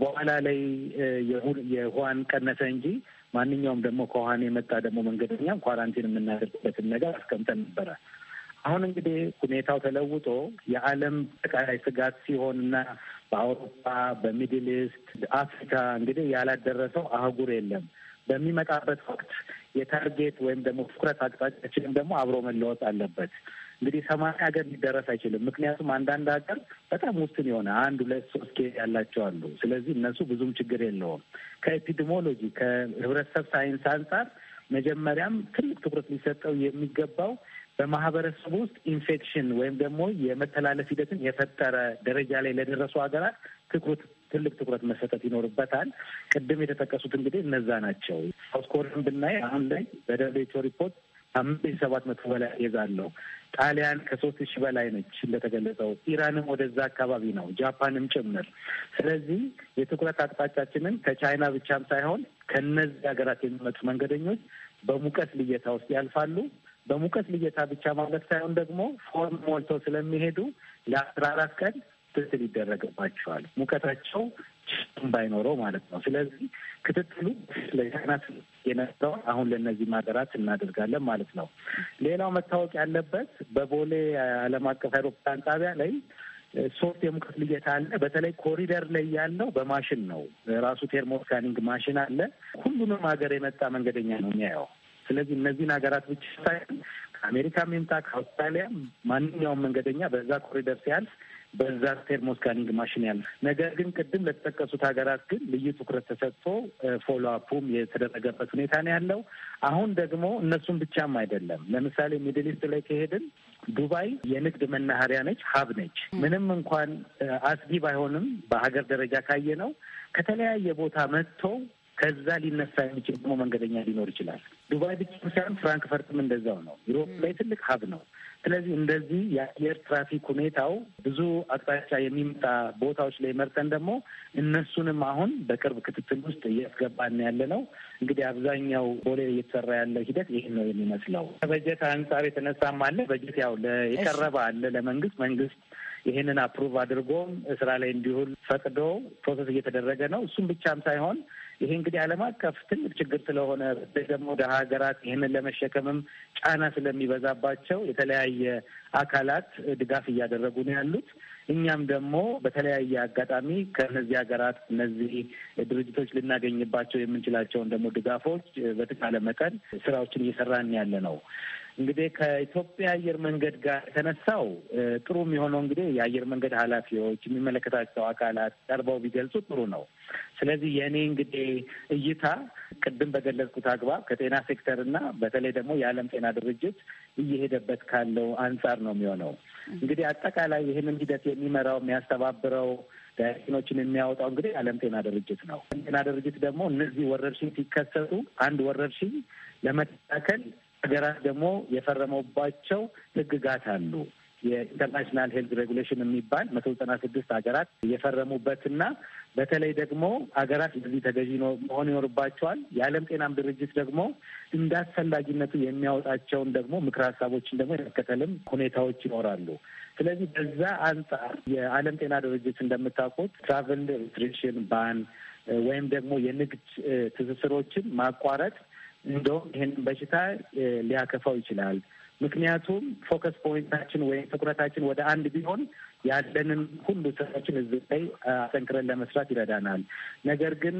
በኋላ ላይ የውሃን ቀነሰ እንጂ ማንኛውም ደግሞ ከውሃን የመጣ ደግሞ መንገደኛም ኳራንቲን የምናደርግበትን ነገር አስቀምጠን ነበረ። አሁን እንግዲህ ሁኔታው ተለውጦ የዓለም አጠቃላይ ስጋት ሲሆን እና በአውሮፓ በሚድል ኢስት አፍሪካ እንግዲህ ያላደረሰው አህጉር የለም። በሚመጣበት ወቅት የታርጌት ወይም ደግሞ ትኩረት አቅጣጫችንም ደግሞ አብሮ መለወጥ አለበት። እንግዲህ ሰማንያ ሀገር ሊደረስ አይችልም። ምክንያቱም አንዳንድ ሀገር በጣም ውስን የሆነ አንድ ሁለት ሶስት ኬዝ ያላቸው አሉ። ስለዚህ እነሱ ብዙም ችግር የለውም። ከኤፒዲሞሎጂ ከህብረተሰብ ሳይንስ አንጻር መጀመሪያም ትልቅ ትኩረት ሊሰጠው የሚገባው በማህበረሰቡ ውስጥ ኢንፌክሽን ወይም ደግሞ የመተላለፍ ሂደትን የፈጠረ ደረጃ ላይ ለደረሱ ሀገራት ትኩረት ትልቅ ትኩረት መሰጠት ይኖርበታል። ቅድም የተጠቀሱት እንግዲህ እነዛ ናቸው። ሳውዝ ኮሪያን ብናይ አሁን ላይ በደብሊው ኤች ኦ ሪፖርት አምስት ሰባት መቶ በላይ ይዛለው ጣሊያን ከሶስት ሺህ በላይ ነች እንደተገለጸው፣ ኢራንም ወደዛ አካባቢ ነው፣ ጃፓንም ጭምር። ስለዚህ የትኩረት አቅጣጫችንን ከቻይና ብቻም ሳይሆን ከነዚህ ሀገራት የሚመጡ መንገደኞች በሙቀት ልየታ ውስጥ ያልፋሉ። በሙቀት ልየታ ብቻ ማለት ሳይሆን ደግሞ ፎርም ሞልተው ስለሚሄዱ ለአስራ አራት ቀን ክትትል ይደረግባቸዋል። ሙቀታቸው ሽም ባይኖረው ማለት ነው። ስለዚህ ክትትሉ ለህጻናት የነበረው አሁን ለእነዚህ ሀገራት እናደርጋለን ማለት ነው። ሌላው መታወቅ ያለበት በቦሌ ዓለም አቀፍ አይሮፕላን ጣቢያ ላይ ሶስት የሙቀት ልየት አለ። በተለይ ኮሪደር ላይ ያለው በማሽን ነው። ራሱ ቴርሞስካኒንግ ማሽን አለ። ሁሉንም ሀገር የመጣ መንገደኛ ነው የሚያየው። ስለዚህ እነዚህን ሀገራት ብቻ ሳይሆን ከአሜሪካ የሚምጣ ከአውስትራሊያ ማንኛውም መንገደኛ በዛ ኮሪደር ሲያልፍ በዛ ቴርሞስካኒንግ ማሽን ያለ። ነገር ግን ቅድም ለተጠቀሱት ሀገራት ግን ልዩ ትኩረት ተሰጥቶ ፎሎ አፑም የተደረገበት ሁኔታ ነው ያለው። አሁን ደግሞ እነሱም ብቻም አይደለም። ለምሳሌ ሚድል ኢስት ላይ ከሄድን ዱባይ የንግድ መናኸሪያ ነች፣ ሀብ ነች። ምንም እንኳን አስጊ ባይሆንም በሀገር ደረጃ ካየ ነው ከተለያየ ቦታ መጥቶ ከዛ ሊነሳ የሚችል ደግሞ መንገደኛ ሊኖር ይችላል። ዱባይ ብቻ ሳይሆን ፍራንክፈርትም እንደዛው ነው። ዩሮፕ ላይ ትልቅ ሀብ ነው። ስለዚህ እንደዚህ የአየር ትራፊክ ሁኔታው ብዙ አቅጣጫ የሚመጣ ቦታዎች ላይ መርጠን ደግሞ እነሱንም አሁን በቅርብ ክትትል ውስጥ እያስገባን ያለ ነው። እንግዲህ አብዛኛው ቦሌ እየተሰራ ያለው ሂደት ይህ ነው የሚመስለው። ከበጀት አንጻር የተነሳም አለ በጀት ያው የቀረበ አለ ለመንግስት መንግስት ይህንን አፕሩቭ አድርጎም ስራ ላይ እንዲሁል ፈቅዶ ፕሮሰስ እየተደረገ ነው። እሱም ብቻም ሳይሆን ይሄ እንግዲህ ዓለም አቀፍ ትልቅ ችግር ስለሆነ ደግሞ ወደ ሀገራት ይህንን ለመሸከምም ጫና ስለሚበዛባቸው የተለያየ አካላት ድጋፍ እያደረጉ ነው ያሉት። እኛም ደግሞ በተለያየ አጋጣሚ ከእነዚህ ሀገራት እነዚህ ድርጅቶች ልናገኝባቸው የምንችላቸውን ደግሞ ድጋፎች በተቻለ መጠን ስራዎችን እየሰራን ያለ ነው። እንግዲህ ከኢትዮጵያ አየር መንገድ ጋር የተነሳው ጥሩ የሚሆነው እንግዲህ የአየር መንገድ ኃላፊዎች የሚመለከታቸው አካላት ቀርበው ቢገልጹ ጥሩ ነው። ስለዚህ የእኔ እንግዲህ እይታ ቅድም በገለጽኩት አግባብ ከጤና ሴክተር እና በተለይ ደግሞ የዓለም ጤና ድርጅት እየሄደበት ካለው አንጻር ነው የሚሆነው። እንግዲህ አጠቃላይ ይህንን ሂደት የሚመራው የሚያስተባብረው ዳይሬክሽኖችን የሚያወጣው እንግዲህ የዓለም ጤና ድርጅት ነው። ጤና ድርጅት ደግሞ እነዚህ ወረርሽኝ ሲከሰቱ አንድ ወረርሽኝ ለመከላከል ሀገራት ደግሞ የፈረመባቸው ህግጋት አሉ። የኢንተርናሽናል ሄልት ሬጉሌሽን የሚባል መቶ ዘጠና ስድስት ሀገራት የፈረሙበትና በተለይ ደግሞ ሀገራት ለዚህ ተገዢ መሆን ይኖርባቸዋል። የዓለም ጤናም ድርጅት ደግሞ እንደ አስፈላጊነቱ የሚያወጣቸውን ደግሞ ምክር ሀሳቦችን ደግሞ የመከተልም ሁኔታዎች ይኖራሉ። ስለዚህ በዛ አንጻር የዓለም ጤና ድርጅት እንደምታውቁት ትራቨል ሪስትሪክሽን ባን ወይም ደግሞ የንግድ ትስስሮችን ማቋረጥ እንደውም ይህንን በሽታ ሊያከፋው ይችላል። ምክንያቱም ፎከስ ፖይንታችን ወይም ትኩረታችን ወደ አንድ ቢሆን ያለንን ሁሉ ስራችን እዚ ላይ አጠንክረን ለመስራት ይረዳናል። ነገር ግን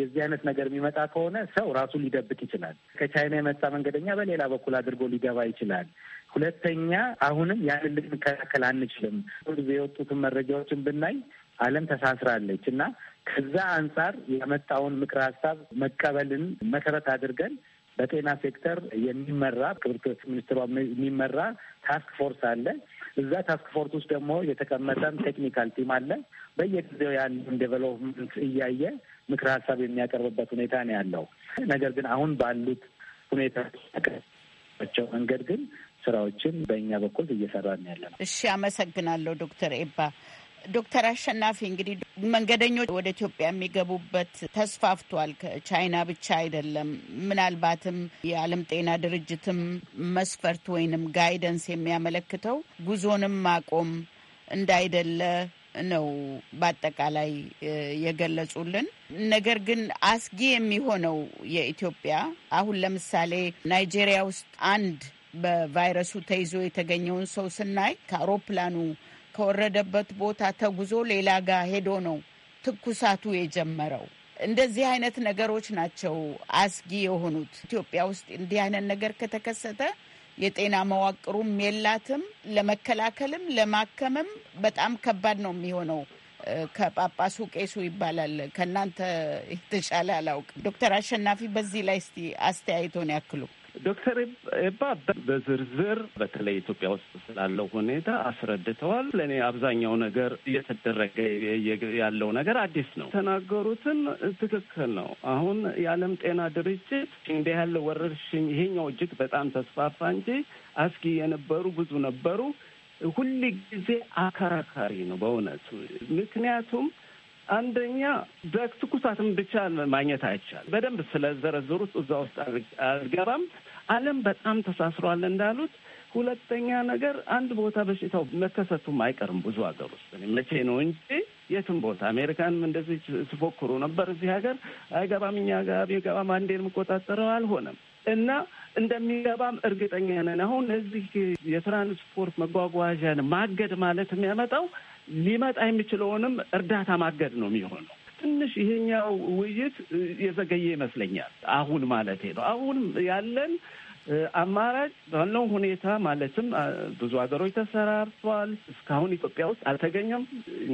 የዚህ አይነት ነገር የሚመጣ ከሆነ ሰው ራሱ ሊደብቅ ይችላል። ከቻይና የመጣ መንገደኛ በሌላ በኩል አድርጎ ሊገባ ይችላል። ሁለተኛ አሁንም ያንን ልንከላከል አንችልም። ሁልጊዜ የወጡትን መረጃዎችን ብናይ ዓለም ተሳስራለች እና ከዛ አንጻር የመጣውን ምክረ ሀሳብ መቀበልን መሰረት አድርገን በጤና ሴክተር የሚመራ ክብርት ሚኒስትሯ የሚመራ ታስክ ፎርስ አለ። እዛ ታስክ ፎርስ ውስጥ ደግሞ የተቀመጠም ቴክኒካል ቲም አለ። በየጊዜው ያለውን ዴቨሎፕመንት እያየ ምክረ ሀሳብ የሚያቀርብበት ሁኔታ ነው ያለው። ነገር ግን አሁን ባሉት ሁኔታቸው መንገድ ግን ስራዎችን በእኛ በኩል እየሰራን ያለ ነው። እሺ፣ አመሰግናለሁ ዶክተር ኤባ ዶክተር አሸናፊ እንግዲህ መንገደኞች ወደ ኢትዮጵያ የሚገቡበት ተስፋፍቷል። ከቻይና ብቻ አይደለም። ምናልባትም የዓለም ጤና ድርጅትም መስፈርት ወይንም ጋይደንስ የሚያመለክተው ጉዞንም ማቆም እንዳይደለ ነው በአጠቃላይ የገለጹልን። ነገር ግን አስጊ የሚሆነው የኢትዮጵያ አሁን ለምሳሌ ናይጄሪያ ውስጥ አንድ በቫይረሱ ተይዞ የተገኘውን ሰው ስናይ ከአውሮፕላኑ ከወረደበት ቦታ ተጉዞ ሌላ ጋር ሄዶ ነው ትኩሳቱ የጀመረው። እንደዚህ አይነት ነገሮች ናቸው አስጊ የሆኑት። ኢትዮጵያ ውስጥ እንዲህ አይነት ነገር ከተከሰተ የጤና መዋቅሩም የላትም፣ ለመከላከልም ለማከምም በጣም ከባድ ነው የሚሆነው። ከጳጳሱ ቄሱ ይባላል። ከእናንተ የተሻለ አላውቅም። ዶክተር አሸናፊ በዚህ ላይ እስቲ አስተያየቶን ያክሉ። ዶክተር ኤባ በዝርዝር በተለይ ኢትዮጵያ ውስጥ ስላለው ሁኔታ አስረድተዋል። ለእኔ አብዛኛው ነገር እየተደረገ ያለው ነገር አዲስ ነው። የተናገሩትን ትክክል ነው። አሁን የዓለም ጤና ድርጅት እንዲህ ያለው ወረርሽኝ ይሄኛው እጅግ በጣም ተስፋፋ እንጂ አስጊ የነበሩ ብዙ ነበሩ። ሁል ጊዜ አከራካሪ ነው በእውነቱ ምክንያቱም አንደኛ በትኩሳትም ብቻ ማግኘት አይቻልም። በደንብ ስለዘረዘሩት እዛ ውስጥ አልገባም። ዓለም በጣም ተሳስሯል እንዳሉት ሁለተኛ ነገር አንድ ቦታ በሽታው መከሰቱም አይቀርም። ብዙ ሀገር ውስጥ መቼ ነው እንጂ የትም ቦታ አሜሪካንም እንደዚህ ሲፎክሩ ነበር። እዚህ ሀገር አይገባም፣ እኛ ጋር ቢገባም አንዴን የምቆጣጠረው አልሆነም እና እንደሚገባም እርግጠኛ ነን። አሁን እዚህ የትራንስፖርት መጓጓዣን ማገድ ማለት የሚያመጣው ሊመጣ የሚችለውንም እርዳታ ማገድ ነው የሚሆነው። ትንሽ ይሄኛው ውይይት የዘገየ ይመስለኛል። አሁን ማለት ነው። አሁን ያለን አማራጭ ባለው ሁኔታ ማለትም ብዙ ሀገሮች ተሰራርቷል። እስካሁን ኢትዮጵያ ውስጥ አልተገኘም።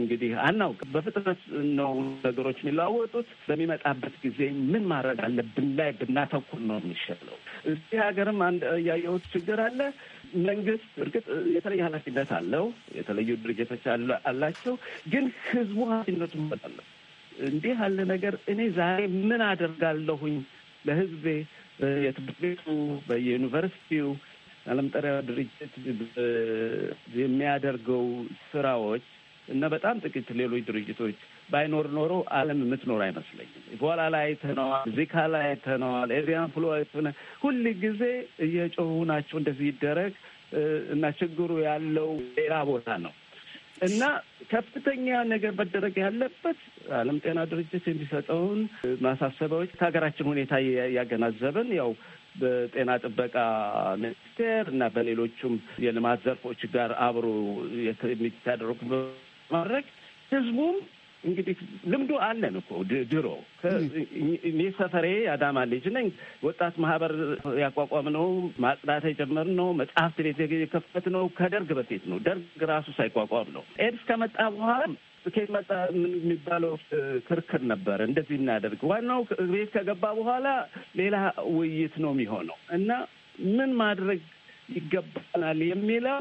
እንግዲህ አናውቅ። በፍጥነት ነው ነገሮች የሚለዋወጡት። በሚመጣበት ጊዜ ምን ማድረግ አለብን ላይ ብናተኩር ነው የሚሻለው። እስቲ ሀገርም አንድ ያየሁት ችግር አለ። መንግስት እርግጥ የተለየ ኃላፊነት አለው፣ የተለዩ ድርጅቶች አላቸው። ግን ህዝቡ ኃላፊነቱ እንዲህ ያለ ነገር እኔ ዛሬ ምን አደርጋለሁኝ ለህዝቤ በየትምህርት ቤቱ በየዩኒቨርሲቲው ዓለም ጠሪያ ድርጅት የሚያደርገው ስራዎች እና በጣም ጥቂት ሌሎች ድርጅቶች ባይኖር ኖሮ ዓለም የምትኖር አይመስለኝም። ኢቦላ ላይ አይተነዋል፣ ዚካ ላይ አይተነዋል፣ ኤቪያን ፍሉ አይተነ ሁል ጊዜ እየጮሁ ናቸው እንደዚህ ይደረግ እና ችግሩ ያለው ሌላ ቦታ ነው እና ከፍተኛ ነገር መደረግ ያለበት ዓለም ጤና ድርጅት የሚሰጠውን ማሳሰቢያዎች ከሀገራችን ሁኔታ ያገናዘብን ያው በጤና ጥበቃ ሚኒስቴር እና በሌሎቹም የልማት ዘርፎች ጋር አብሮ የሚታደረጉ ማድረግ ህዝቡም እንግዲህ ልምዱ አለን እኮ ድሮ እኔ ሰፈሬ አዳማ ልጅ ነኝ። ወጣት ማህበር ያቋቋም ነው ማጽዳት የጀመር ነው መጽሐፍት ቤት የከፈት ነው ከደርግ በፊት ነው። ደርግ ራሱ ሳይቋቋም ነው። ኤድስ ከመጣ በኋላ ስኬት መጣ የሚባለው ክርክር ነበር። እንደዚህ እናደርግ ዋናው ቤት ከገባ በኋላ ሌላ ውይይት ነው የሚሆነው እና ምን ማድረግ ይገባናል የሚለው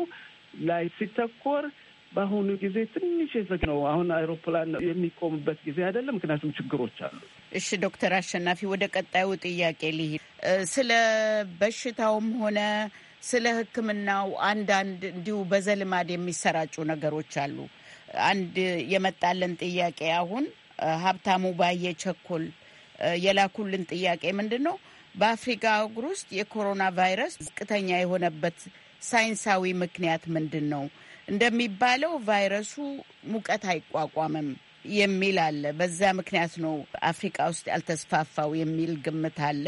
ላይ ሲተኮር በአሁኑ ጊዜ ትንሽ የዘግ ነው። አሁን አይሮፕላን የሚቆምበት ጊዜ አይደለም፣ ምክንያቱም ችግሮች አሉ። እሺ ዶክተር አሸናፊ ወደ ቀጣዩ ጥያቄ ልሂድ። ስለ በሽታውም ሆነ ስለ ሕክምናው አንዳንድ እንዲሁ በዘልማድ የሚሰራጩ ነገሮች አሉ። አንድ የመጣለን ጥያቄ አሁን ሀብታሙ ባየ ቸኮል የላኩልን ጥያቄ ምንድን ነው? በአፍሪካ አህጉር ውስጥ የኮሮና ቫይረስ ዝቅተኛ የሆነበት ሳይንሳዊ ምክንያት ምንድን ነው? እንደሚባለው ቫይረሱ ሙቀት አይቋቋምም የሚል አለ። በዛ ምክንያት ነው አፍሪቃ ውስጥ ያልተስፋፋው የሚል ግምት አለ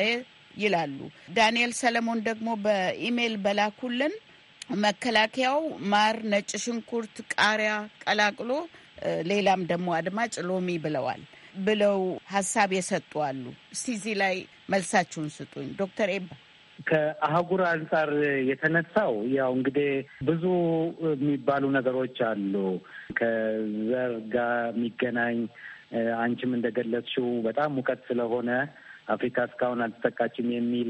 ይላሉ። ዳንኤል ሰለሞን ደግሞ በኢሜይል በላኩልን መከላከያው ማር፣ ነጭ ሽንኩርት፣ ቃሪያ ቀላቅሎ ሌላም ደግሞ አድማጭ ሎሚ ብለዋል ብለው ሀሳብ የሰጡ አሉ። እስቲ እዚህ ላይ መልሳችሁን ስጡኝ ዶክተር ኤባ ከአህጉር አንጻር የተነሳው ያው እንግዲህ ብዙ የሚባሉ ነገሮች አሉ። ከዘር ጋር የሚገናኝ አንቺም እንደገለጽሽው በጣም ሙቀት ስለሆነ አፍሪካ እስካሁን አልተጠቃችም የሚል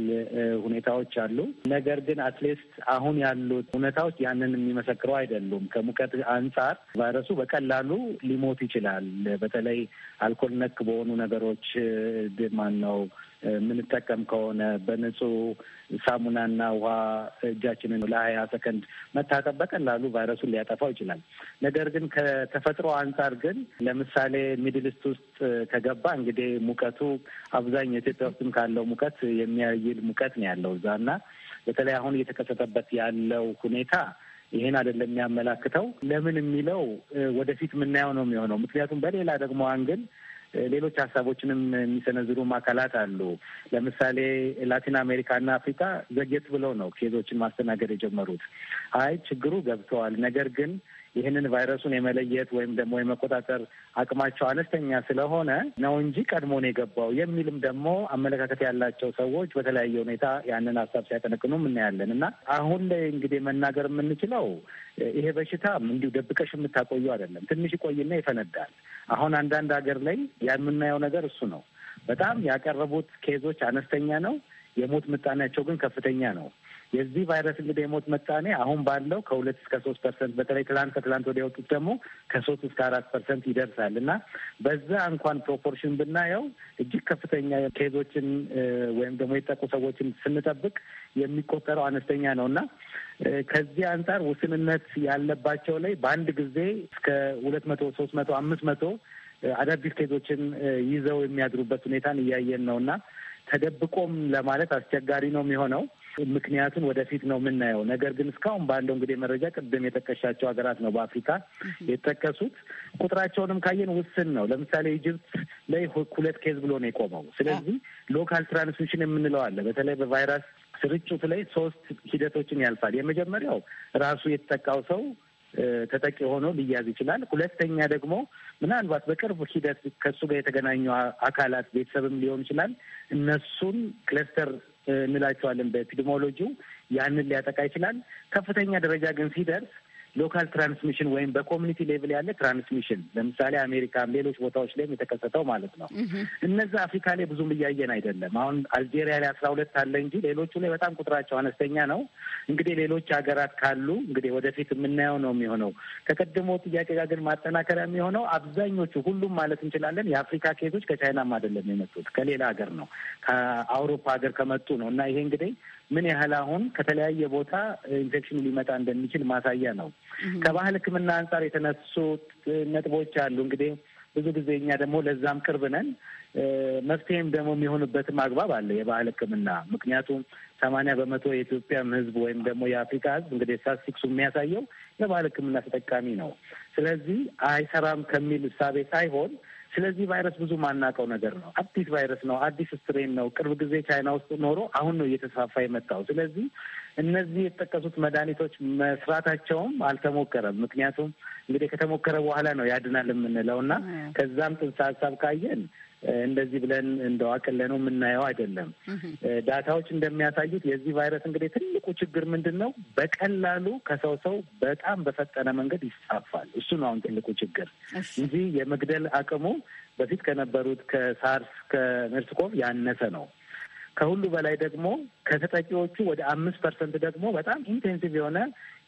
ሁኔታዎች አሉ። ነገር ግን አትሊስት አሁን ያሉት ሁኔታዎች ያንን የሚመሰክሩ አይደሉም። ከሙቀት አንጻር ቫይረሱ በቀላሉ ሊሞት ይችላል። በተለይ አልኮል ነክ በሆኑ ነገሮች ማን ነው የምንጠቀም ከሆነ በንጹህ ሳሙናና ውሃ እጃችንን ለሀያ ሰከንድ መታጠብ በቀላሉ ቫይረሱን ሊያጠፋው ይችላል። ነገር ግን ከተፈጥሮ አንጻር ግን ለምሳሌ ሚድልስት ውስጥ ከገባ እንግዲህ ሙቀቱ አብዛኛው ኢትዮጵያ ውስጥም ካለው ሙቀት የሚያይል ሙቀት ነው ያለው እዛ እና በተለይ አሁን እየተከሰተበት ያለው ሁኔታ ይሄን አይደለም የሚያመላክተው። ለምን የሚለው ወደፊት የምናየው ነው የሚሆነው። ምክንያቱም በሌላ ደግሞ አንግል ሌሎች ሀሳቦችንም የሚሰነዝሩም አካላት አሉ። ለምሳሌ ላቲን አሜሪካና አፍሪካ ዘጌት ብለው ነው ኬዞችን ማስተናገድ የጀመሩት። አይ ችግሩ ገብተዋል፣ ነገር ግን ይህንን ቫይረሱን የመለየት ወይም ደግሞ የመቆጣጠር አቅማቸው አነስተኛ ስለሆነ ነው እንጂ ቀድሞ ነው የገባው የሚልም ደግሞ አመለካከት ያላቸው ሰዎች በተለያየ ሁኔታ ያንን ሀሳብ ሲያቀነቅኑ እናያለን እና አሁን ላይ እንግዲህ መናገር የምንችለው ይሄ በሽታ እንዲሁ ደብቀሽ የምታቆየው አይደለም። ትንሽ ይቆይና ይፈነዳል። አሁን አንዳንድ ሀገር ላይ የምናየው ነገር እሱ ነው። በጣም ያቀረቡት ኬዞች አነስተኛ ነው። የሞት ምጣኔያቸው ግን ከፍተኛ ነው። የዚህ ቫይረስ እንግዲህ የሞት መጣኔ አሁን ባለው ከሁለት እስከ ሶስት ፐርሰንት በተለይ ትላንት ከትላንት ወደ የወጡት ደግሞ ከሶስት እስከ አራት ፐርሰንት ይደርሳል እና በዛ እንኳን ፕሮፖርሽን ብናየው እጅግ ከፍተኛ ኬዞችን ወይም ደግሞ የጠቁ ሰዎችን ስንጠብቅ የሚቆጠረው አነስተኛ ነው እና ከዚህ አንጻር ውስንነት ያለባቸው ላይ በአንድ ጊዜ እስከ ሁለት መቶ ሶስት መቶ አምስት መቶ አዳዲስ ኬዞችን ይዘው የሚያድሩበት ሁኔታን እያየን ነው እና ተደብቆም ለማለት አስቸጋሪ ነው የሚሆነው። ምክንያቱን ወደፊት ነው የምናየው። ነገር ግን እስካሁን ባለው እንግዲህ መረጃ ቅድም የጠቀሻቸው ሀገራት ነው በአፍሪካ የጠቀሱት። ቁጥራቸውንም ካየን ውስን ነው። ለምሳሌ ኢጅፕት ላይ ሁለት ኬዝ ብሎ ነው የቆመው። ስለዚህ ሎካል ትራንስሚሽን የምንለው አለ። በተለይ በቫይረስ ስርጭቱ ላይ ሶስት ሂደቶችን ያልፋል። የመጀመሪያው ራሱ የተጠቃው ሰው ተጠቂ ሆኖ ሊያዝ ይችላል። ሁለተኛ ደግሞ ምናልባት በቅርብ ሂደት ከእሱ ጋር የተገናኙ አካላት ቤተሰብም ሊሆን ይችላል እነሱን ክለስተር እንላቸዋለን በኤፒዲሞሎጂው ያንን ሊያጠቃ ይችላል። ከፍተኛ ደረጃ ግን ሲደርስ ሎካል ትራንስሚሽን ወይም በኮሚኒቲ ሌቭል ያለ ትራንስሚሽን ለምሳሌ አሜሪካም ሌሎች ቦታዎች ላይም የተከሰተው ማለት ነው። እነዛ አፍሪካ ላይ ብዙም እያየን አይደለም። አሁን አልጄሪያ ላይ አስራ ሁለት አለ እንጂ ሌሎቹ ላይ በጣም ቁጥራቸው አነስተኛ ነው። እንግዲህ ሌሎች ሀገራት ካሉ እንግዲህ ወደፊት የምናየው ነው የሚሆነው። ከቀድሞ ጥያቄ ጋር ግን ማጠናከሪያ የሚሆነው አብዛኞቹ ሁሉም ማለት እንችላለን የአፍሪካ ኬዞች ከቻይናም አይደለም የመጡት ከሌላ ሀገር ነው፣ ከአውሮፓ ሀገር ከመጡ ነው እና ይሄ እንግዲህ ምን ያህል አሁን ከተለያየ ቦታ ኢንፌክሽኑ ሊመጣ እንደሚችል ማሳያ ነው። ከባህል ሕክምና አንጻር የተነሱ ነጥቦች አሉ። እንግዲህ ብዙ ጊዜ እኛ ደግሞ ለዛም ቅርብ ነን። መፍትሄም ደግሞ የሚሆንበትም አግባብ አለ የባህል ሕክምና ምክንያቱም ሰማንያ በመቶ የኢትዮጵያም ህዝብ ወይም ደግሞ የአፍሪካ ህዝብ እንግዲህ ስታትስቲክሱ የሚያሳየው የባህል ሕክምና ተጠቃሚ ነው። ስለዚህ አይሰራም ከሚል እሳቤ ሳይሆን ስለዚህ ቫይረስ ብዙ ማናቀው ነገር ነው። አዲስ ቫይረስ ነው። አዲስ ስትሬን ነው። ቅርብ ጊዜ ቻይና ውስጥ ኖሮ አሁን ነው እየተስፋፋ የመጣው። ስለዚህ እነዚህ የተጠቀሱት መድኃኒቶች መስራታቸውም አልተሞከረም። ምክንያቱም እንግዲህ ከተሞከረ በኋላ ነው ያድናል የምንለው እና ከዛም ጥንሰ ሀሳብ ካየን እንደዚህ ብለን እንደው አቅለ ነው የምናየው አይደለም። ዳታዎች እንደሚያሳዩት የዚህ ቫይረስ እንግዲህ ትልቁ ችግር ምንድን ነው? በቀላሉ ከሰው ሰው በጣም በፈጠነ መንገድ ይሳፋል። እሱ ነው አሁን ትልቁ ችግር እንጂ የመግደል አቅሙ በፊት ከነበሩት ከሳርስ ከሜርስኮቭ ያነሰ ነው። ከሁሉ በላይ ደግሞ ከተጠቂዎቹ ወደ አምስት ፐርሰንት ደግሞ በጣም ኢንቴንሲቭ የሆነ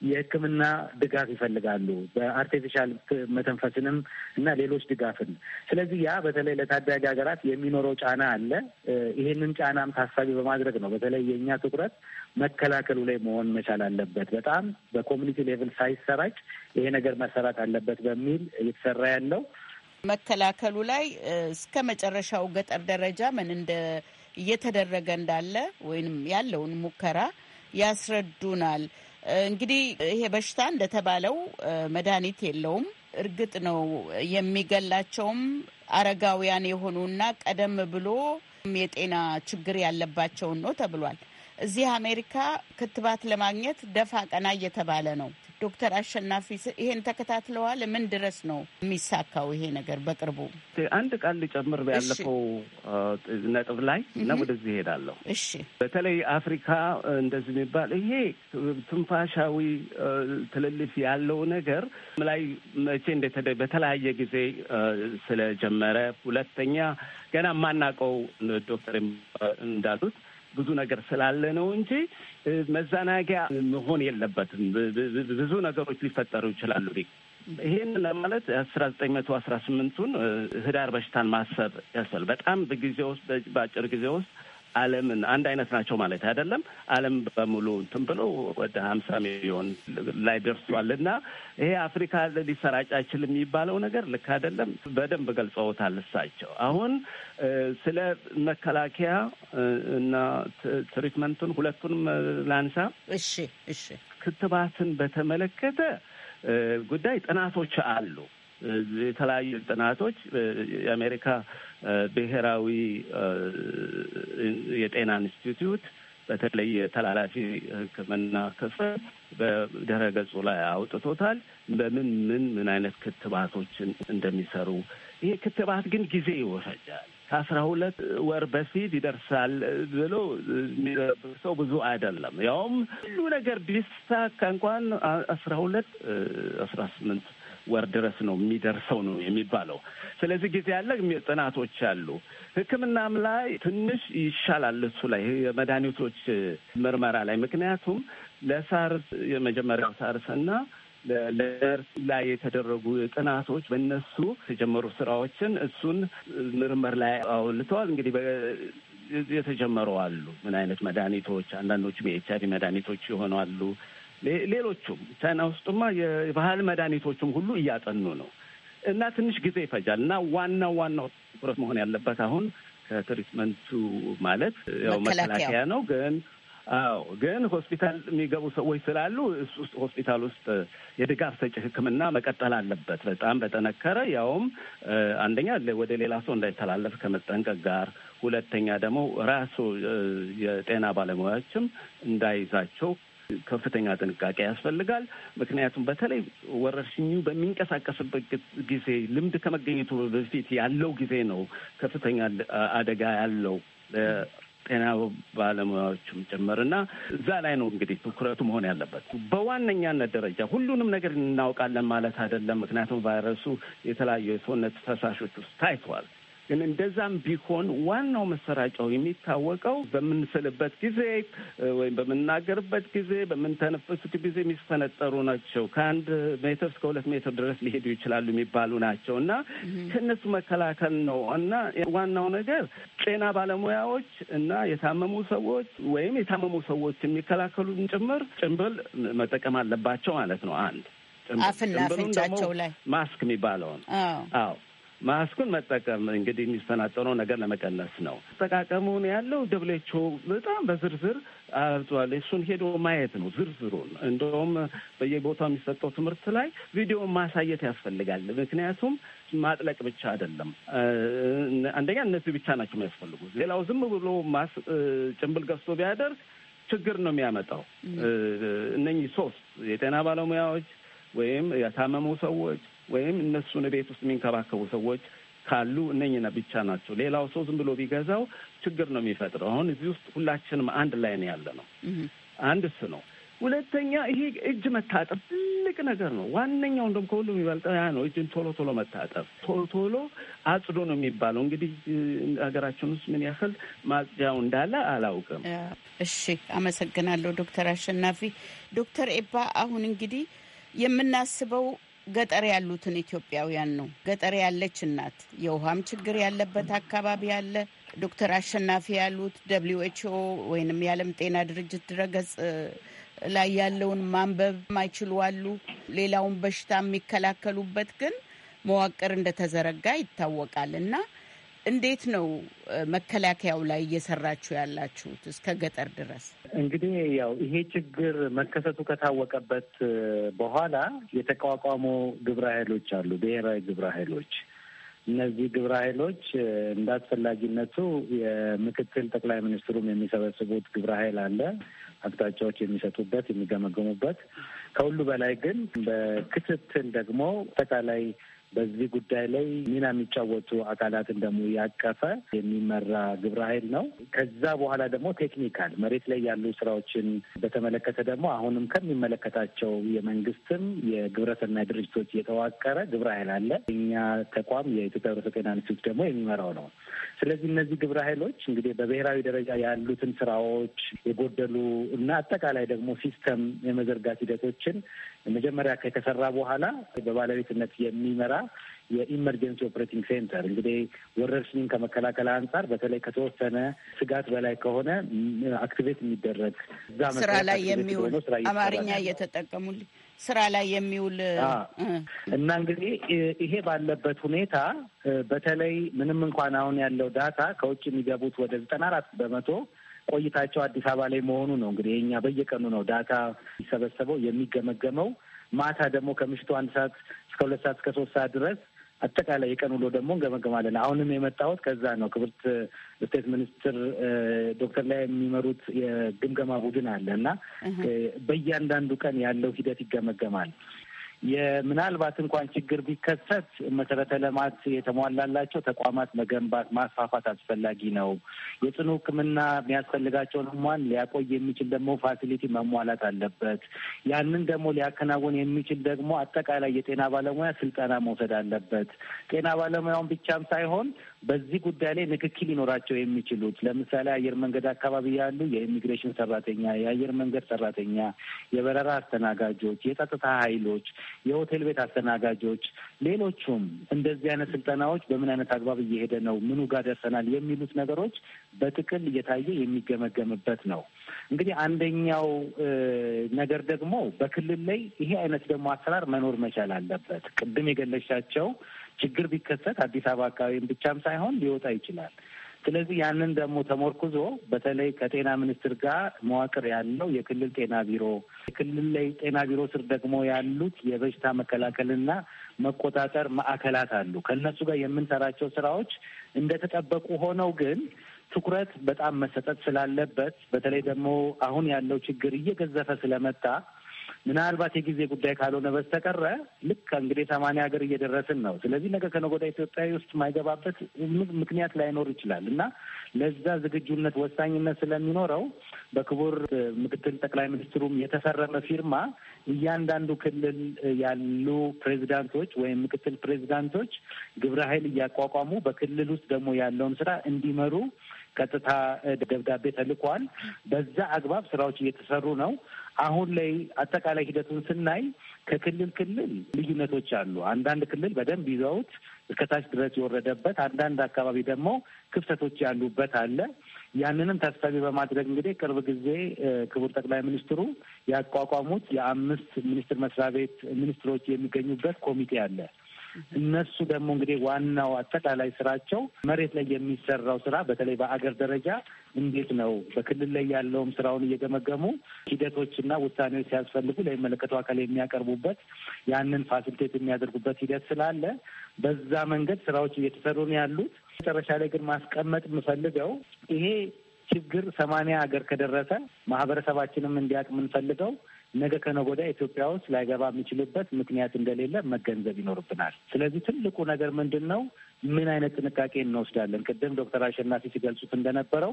የሕክምና ድጋፍ ይፈልጋሉ በአርቲፊሻል መተንፈስንም እና ሌሎች ድጋፍን። ስለዚህ ያ በተለይ ለታዳጊ ሀገራት የሚኖረው ጫና አለ። ይህንን ጫናም ታሳቢ በማድረግ ነው በተለይ የእኛ ትኩረት መከላከሉ ላይ መሆን መቻል አለበት። በጣም በኮሚኒቲ ሌቭል ሳይሰራጭ ይሄ ነገር መሰራት አለበት በሚል እየተሰራ ያለው መከላከሉ ላይ እስከ መጨረሻው ገጠር ደረጃ ምን እንደ እየተደረገ እንዳለ ወይም ያለውን ሙከራ ያስረዱናል። እንግዲህ ይሄ በሽታ እንደተባለው መድኃኒት የለውም። እርግጥ ነው የሚገላቸውም አረጋውያን የሆኑና ቀደም ብሎ የጤና ችግር ያለባቸውን ነው ተብሏል። እዚህ አሜሪካ ክትባት ለማግኘት ደፋ ቀና እየተባለ ነው። ዶክተር አሸናፊ ይሄን ተከታትለዋል። ምን ድረስ ነው የሚሳካው ይሄ ነገር? በቅርቡ አንድ ቃል ልጨምር ያለፈው ነጥብ ላይ እና ወደዚህ ይሄዳለሁ። እሺ፣ በተለይ አፍሪካ እንደዚህ የሚባል ይሄ ትንፋሻዊ ትልልፍ ያለው ነገር ላይ መቼ እንደተደ በተለያየ ጊዜ ስለጀመረ ሁለተኛ ገና የማናውቀው ዶክተር እንዳሉት ብዙ ነገር ስላለ ነው እንጂ መዘናጊያ መሆን የለበትም። ብዙ ነገሮች ሊፈጠሩ ይችላሉ። ይህን ለማለት አስራ ዘጠኝ መቶ አስራ ስምንቱን ህዳር በሽታን ማሰብ ያስል በጣም በጊዜ ውስጥ በአጭር ጊዜ ውስጥ ዓለምን አንድ አይነት ናቸው ማለት አይደለም። ዓለም በሙሉ እንትን ብሎ ወደ ሀምሳ ሚሊዮን ላይ ደርሷል እና ይሄ አፍሪካ ሊሰራጭ አይችልም የሚባለው ነገር ልክ አይደለም። በደንብ ገልጸውታል እሳቸው። አሁን ስለ መከላከያ እና ትሪትመንቱን ሁለቱንም ላንሳ። እሺ፣ እሺ። ክትባትን በተመለከተ ጉዳይ ጥናቶች አሉ የተለያዩ ጥናቶች የአሜሪካ ብሔራዊ የጤና ኢንስቲትዩት በተለይ የተላላፊ ሕክምና ክፍል በድረ ገጹ ላይ አውጥቶታል። በምን ምን ምን አይነት ክትባቶችን እንደሚሰሩ ይሄ ክትባት ግን ጊዜ ይወሰጃል ከአስራ ሁለት ወር በፊት ይደርሳል ብሎ የሚጠብቅ ሰው ብዙ አይደለም። ያውም ሁሉ ነገር ቢሳካ እንኳን አስራ ሁለት አስራ ስምንት ወር ድረስ ነው የሚደርሰው ነው የሚባለው። ስለዚህ ጊዜ ያለ ጥናቶች አሉ። ሕክምናም ላይ ትንሽ ይሻላል እሱ ላይ የመድኃኒቶች ምርመራ ላይ ምክንያቱም ለሳርስ የመጀመሪያው ሳርስ እና ለደርስ ላይ የተደረጉ ጥናቶች በእነሱ የተጀመሩ ስራዎችን እሱን ምርምር ላይ አውልተዋል። እንግዲህ የተጀመሩ አሉ። ምን አይነት መድኃኒቶች አንዳንዶቹ የኤች አይ ቪ መድኃኒቶች ይሆናሉ ሌሎቹም ቻይና ውስጥማ የባህል መድኃኒቶቹም ሁሉ እያጠኑ ነው እና ትንሽ ጊዜ ይፈጃል እና ዋና ዋናው ትኩረት መሆን ያለበት አሁን ከትሪትመንቱ ማለት ያው መከላከያ ነው ግን አዎ ግን ሆስፒታል የሚገቡ ሰዎች ስላሉ ውስጥ ሆስፒታል ውስጥ የድጋፍ ሰጪ ሕክምና መቀጠል አለበት። በጣም በጠነከረ ያውም አንደኛ ወደ ሌላ ሰው እንዳይተላለፍ ከመጠንቀቅ ጋር፣ ሁለተኛ ደግሞ ራሱ የጤና ባለሙያዎችም እንዳይዛቸው ከፍተኛ ጥንቃቄ ያስፈልጋል። ምክንያቱም በተለይ ወረርሽኙ በሚንቀሳቀስበት ጊዜ ልምድ ከመገኘቱ በፊት ያለው ጊዜ ነው ከፍተኛ አደጋ ያለው ጤና ባለሙያዎችም ጭምር እና እዛ ላይ ነው እንግዲህ ትኩረቱ መሆን ያለበት። በዋነኛነት ደረጃ ሁሉንም ነገር እናውቃለን ማለት አይደለም። ምክንያቱም ቫይረሱ የተለያዩ የሰውነት ፈሳሾች ውስጥ ታይተዋል። ግን እንደዛም ቢሆን ዋናው መሰራጫው የሚታወቀው በምንስልበት ጊዜ ወይም በምንናገርበት ጊዜ፣ በምንተነፍስ ጊዜ የሚፈነጠሩ ናቸው። ከአንድ ሜትር እስከ ሁለት ሜትር ድረስ ሊሄዱ ይችላሉ የሚባሉ ናቸው እና ከእነሱ መከላከል ነው እና ዋናው ነገር ጤና ባለሙያዎች እና የታመሙ ሰዎች ወይም የታመሙ ሰዎች የሚከላከሉን ጭምር ጭንብል መጠቀም አለባቸው ማለት ነው። አንድ ጭንብሉን ላይ ማስክ የሚባለውን አዎ ማስኩን መጠቀም እንግዲህ የሚፈናጠነው ነገር ለመቀነስ ነው። አጠቃቀሙን ያለው ደብሌቾ በጣም በዝርዝር አብጧል። እሱን ሄዶ ማየት ነው ዝርዝሩን። እንደውም በየቦታው የሚሰጠው ትምህርት ላይ ቪዲዮን ማሳየት ያስፈልጋል። ምክንያቱም ማጥለቅ ብቻ አይደለም። አንደኛ እነዚህ ብቻ ናቸው የሚያስፈልጉት። ሌላው ዝም ብሎ ማስ ጭንብል ገዝቶ ቢያደርግ ችግር ነው የሚያመጣው። እነኚህ ሶስት የጤና ባለሙያዎች ወይም የታመሙ ሰዎች ወይም እነሱን ቤት ውስጥ የሚንከባከቡ ሰዎች ካሉ እነኝና ብቻ ናቸው። ሌላው ሰው ዝም ብሎ ቢገዛው ችግር ነው የሚፈጥረው። አሁን እዚህ ውስጥ ሁላችንም አንድ ላይ ነው ያለ ነው። አንድ እሱ ነው። ሁለተኛ ይሄ እጅ መታጠብ ትልቅ ነገር ነው። ዋነኛው እንደውም ከሁሉ የሚበልጠው ያ ነው። እጅን ቶሎ ቶሎ መታጠብ፣ ቶሎ ቶሎ አጽዶ ነው የሚባለው። እንግዲህ ሀገራችን ውስጥ ምን ያህል ማጽጃው እንዳለ አላውቅም። እሺ፣ አመሰግናለሁ ዶክተር አሸናፊ። ዶክተር ኤባ አሁን እንግዲህ የምናስበው ገጠር ያሉትን ኢትዮጵያውያን ነው። ገጠር ያለች እናት የውሃም ችግር ያለበት አካባቢ አለ። ዶክተር አሸናፊ ያሉት ደብሊው ኤችኦ ወይንም የዓለም ጤና ድርጅት ድረገጽ ላይ ያለውን ማንበብ ማይችሉ አሉ። ሌላውን በሽታ የሚከላከሉበት ግን መዋቅር እንደተዘረጋ ይታወቃል እና እንዴት ነው መከላከያው ላይ እየሰራችሁ ያላችሁት እስከ ገጠር ድረስ? እንግዲህ ያው ይሄ ችግር መከሰቱ ከታወቀበት በኋላ የተቋቋሙ ግብረ ኃይሎች አሉ፣ ብሔራዊ ግብረ ኃይሎች። እነዚህ ግብረ ኃይሎች እንደ አስፈላጊነቱ የምክትል ጠቅላይ ሚኒስትሩም የሚሰበስቡት ግብረ ኃይል አለ፣ አቅጣጫዎች የሚሰጡበት የሚገመገሙበት። ከሁሉ በላይ ግን በክትትል ደግሞ አጠቃላይ በዚህ ጉዳይ ላይ ሚና የሚጫወቱ አካላትን ደግሞ ያቀፈ የሚመራ ግብረ ኃይል ነው። ከዛ በኋላ ደግሞ ቴክኒካል መሬት ላይ ያሉ ስራዎችን በተመለከተ ደግሞ አሁንም ከሚመለከታቸው የመንግስትም የግብረሰናይ ድርጅቶች የተዋቀረ ግብረ ኃይል አለ። እኛ ተቋም የኢትዮጵያ ህብረተሰብ ጤና ኢንስቲትዩት ደግሞ የሚመራው ነው። ስለዚህ እነዚህ ግብረ ኃይሎች እንግዲህ በብሔራዊ ደረጃ ያሉትን ስራዎች የጎደሉ እና አጠቃላይ ደግሞ ሲስተም የመዘርጋት ሂደቶችን መጀመሪያ ከተሰራ በኋላ በባለቤትነት የሚመራ የኢመርጀንሲ ኦፕሬቲንግ ሴንተር እንግዲህ ወረርሽኝን ከመከላከል አንጻር በተለይ ከተወሰነ ስጋት በላይ ከሆነ አክቲቬት የሚደረግ እዛ ስራ ላይ የሚውል አማርኛ እየተጠቀሙልኝ ስራ ላይ የሚውል እና እንግዲህ ይሄ ባለበት ሁኔታ በተለይ ምንም እንኳን አሁን ያለው ዳታ ከውጭ የሚገቡት ወደ ዘጠና አራት በመቶ ቆይታቸው አዲስ አበባ ላይ መሆኑ ነው። እንግዲህ የኛ በየቀኑ ነው ዳታ የሚሰበሰበው የሚገመገመው። ማታ ደግሞ ከምሽቱ አንድ ሰዓት እስከ ሁለት ሰዓት እስከ ሶስት ሰዓት ድረስ አጠቃላይ የቀን ውሎ ደግሞ እንገመገማለን። አሁንም የመጣሁት ከዛ ነው። ክብርት ስቴት ሚኒስትር ዶክተር ላይ የሚመሩት የግምገማ ቡድን አለ እና በእያንዳንዱ ቀን ያለው ሂደት ይገመገማል። የምናልባት እንኳን ችግር ቢከሰት መሰረተ ልማት የተሟላላቸው ተቋማት መገንባት ማስፋፋት አስፈላጊ ነው። የጽኑ ሕክምና የሚያስፈልጋቸውን ህሟን ሊያቆይ የሚችል ደግሞ ፋሲሊቲ መሟላት አለበት። ያንን ደግሞ ሊያከናውን የሚችል ደግሞ አጠቃላይ የጤና ባለሙያ ስልጠና መውሰድ አለበት። ጤና ባለሙያውን ብቻም ሳይሆን በዚህ ጉዳይ ላይ ንክኪ ሊኖራቸው የሚችሉት ለምሳሌ አየር መንገድ አካባቢ ያሉ የኢሚግሬሽን ሰራተኛ፣ የአየር መንገድ ሰራተኛ፣ የበረራ አስተናጋጆች፣ የጸጥታ ኃይሎች፣ የሆቴል ቤት አስተናጋጆች፣ ሌሎቹም እንደዚህ አይነት ስልጠናዎች በምን አይነት አግባብ እየሄደ ነው፣ ምኑ ጋር ደርሰናል የሚሉት ነገሮች በጥቅል እየታየ የሚገመገምበት ነው። እንግዲህ አንደኛው ነገር ደግሞ በክልል ላይ ይሄ አይነት ደግሞ አሰራር መኖር መቻል አለበት። ቅድም የገለሻቸው ችግር ቢከሰት አዲስ አበባ አካባቢም ብቻም ሳይሆን ሊወጣ ይችላል። ስለዚህ ያንን ደግሞ ተሞርኩዞ በተለይ ከጤና ሚኒስትር ጋር መዋቅር ያለው የክልል ጤና ቢሮ የክልል ላይ ጤና ቢሮ ስር ደግሞ ያሉት የበሽታ መከላከልና መቆጣጠር ማዕከላት አሉ። ከእነሱ ጋር የምንሰራቸው ስራዎች እንደተጠበቁ ሆነው ግን ትኩረት በጣም መሰጠት ስላለበት በተለይ ደግሞ አሁን ያለው ችግር እየገዘፈ ስለመጣ ምናልባት የጊዜ ጉዳይ ካልሆነ በስተቀረ ልክ እንግዲህ ሰማንያ ሀገር እየደረስን ነው። ስለዚህ ነገ ከነጎዳ ኢትዮጵያ ውስጥ የማይገባበት ምክንያት ላይኖር ይችላል እና ለዛ ዝግጁነት ወሳኝነት ስለሚኖረው በክቡር ምክትል ጠቅላይ ሚኒስትሩም የተፈረመ ፊርማ እያንዳንዱ ክልል ያሉ ፕሬዚዳንቶች ወይም ምክትል ፕሬዚዳንቶች ግብረ ኃይል እያቋቋሙ በክልል ውስጥ ደግሞ ያለውን ስራ እንዲመሩ ቀጥታ ደብዳቤ ተልኳል። በዛ አግባብ ስራዎች እየተሰሩ ነው። አሁን ላይ አጠቃላይ ሂደቱን ስናይ ከክልል ክልል ልዩነቶች አሉ። አንዳንድ ክልል በደንብ ይዘውት እስከታች ድረስ የወረደበት፣ አንዳንድ አካባቢ ደግሞ ክፍተቶች ያሉበት አለ። ያንንም ታሳቢ በማድረግ እንግዲህ ቅርብ ጊዜ ክቡር ጠቅላይ ሚኒስትሩ ያቋቋሙት የአምስት ሚኒስትር መስሪያ ቤት ሚኒስትሮች የሚገኙበት ኮሚቴ አለ። እነሱ ደግሞ እንግዲህ ዋናው አጠቃላይ ስራቸው መሬት ላይ የሚሰራው ስራ በተለይ በአገር ደረጃ እንዴት ነው በክልል ላይ ያለውም ስራውን እየገመገሙ ሂደቶችና ውሳኔዎች ሲያስፈልጉ ለሚመለከተው አካል የሚያቀርቡበት ያንን ፋሲሊቴት የሚያደርጉበት ሂደት ስላለ በዛ መንገድ ስራዎች እየተሰሩ ነው ያሉት። መጨረሻ ላይ ግን ማስቀመጥ የምፈልገው ይሄ ችግር ሰማንያ ሀገር ከደረሰ ማህበረሰባችንም እንዲያውቅ የምንፈልገው ነገ ከነገ ወዲያ ኢትዮጵያ ውስጥ ላይገባ የሚችልበት ምክንያት እንደሌለ መገንዘብ ይኖርብናል። ስለዚህ ትልቁ ነገር ምንድን ነው? ምን አይነት ጥንቃቄ እንወስዳለን? ቅድም ዶክተር አሸናፊ ሲገልጹት እንደነበረው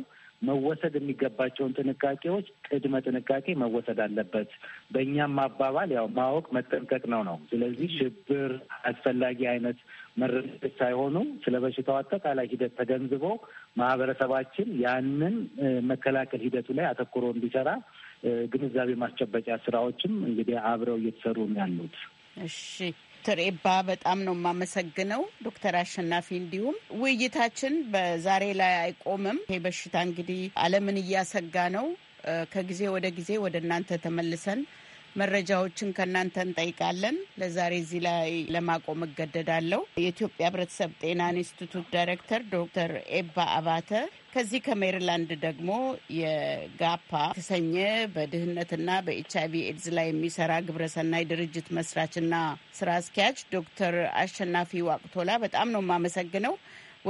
መወሰድ የሚገባቸውን ጥንቃቄዎች ቅድመ ጥንቃቄ መወሰድ አለበት። በእኛም አባባል ያው ማወቅ መጠንቀቅ ነው ነው። ስለዚህ ሽብር አስፈላጊ አይነት መረጃ ሳይሆኑ ስለ በሽታው አጠቃላይ ሂደት ተገንዝቦ ማህበረሰባችን ያንን መከላከል ሂደቱ ላይ አተኩሮ እንዲሰራ ግንዛቤ ማስጨበጫ ስራዎችም እንግዲህ አብረው እየተሰሩ ነው ያሉት። እሺ ትሬባ ኤባ በጣም ነው የማመሰግነው። ዶክተር አሸናፊ እንዲሁም ውይይታችን በዛሬ ላይ አይቆምም። ይሄ በሽታ እንግዲህ ዓለምን እያሰጋ ነው። ከጊዜ ወደ ጊዜ ወደ እናንተ ተመልሰን መረጃዎችን ከእናንተ እንጠይቃለን። ለዛሬ እዚህ ላይ ለማቆም እገደዳለሁ። የኢትዮጵያ ሕብረተሰብ ጤና ኢንስቲቱት ዳይሬክተር ዶክተር ኤባ አባተ ከዚህ ከሜሪላንድ ደግሞ የጋፓ የተሰኘ በድህነትና በኤች አይቪ ኤድዝ ላይ የሚሰራ ግብረሰናይ ድርጅት መስራችና ስራ አስኪያጅ ዶክተር አሸናፊ ዋቅቶላ በጣም ነው የማመሰግነው።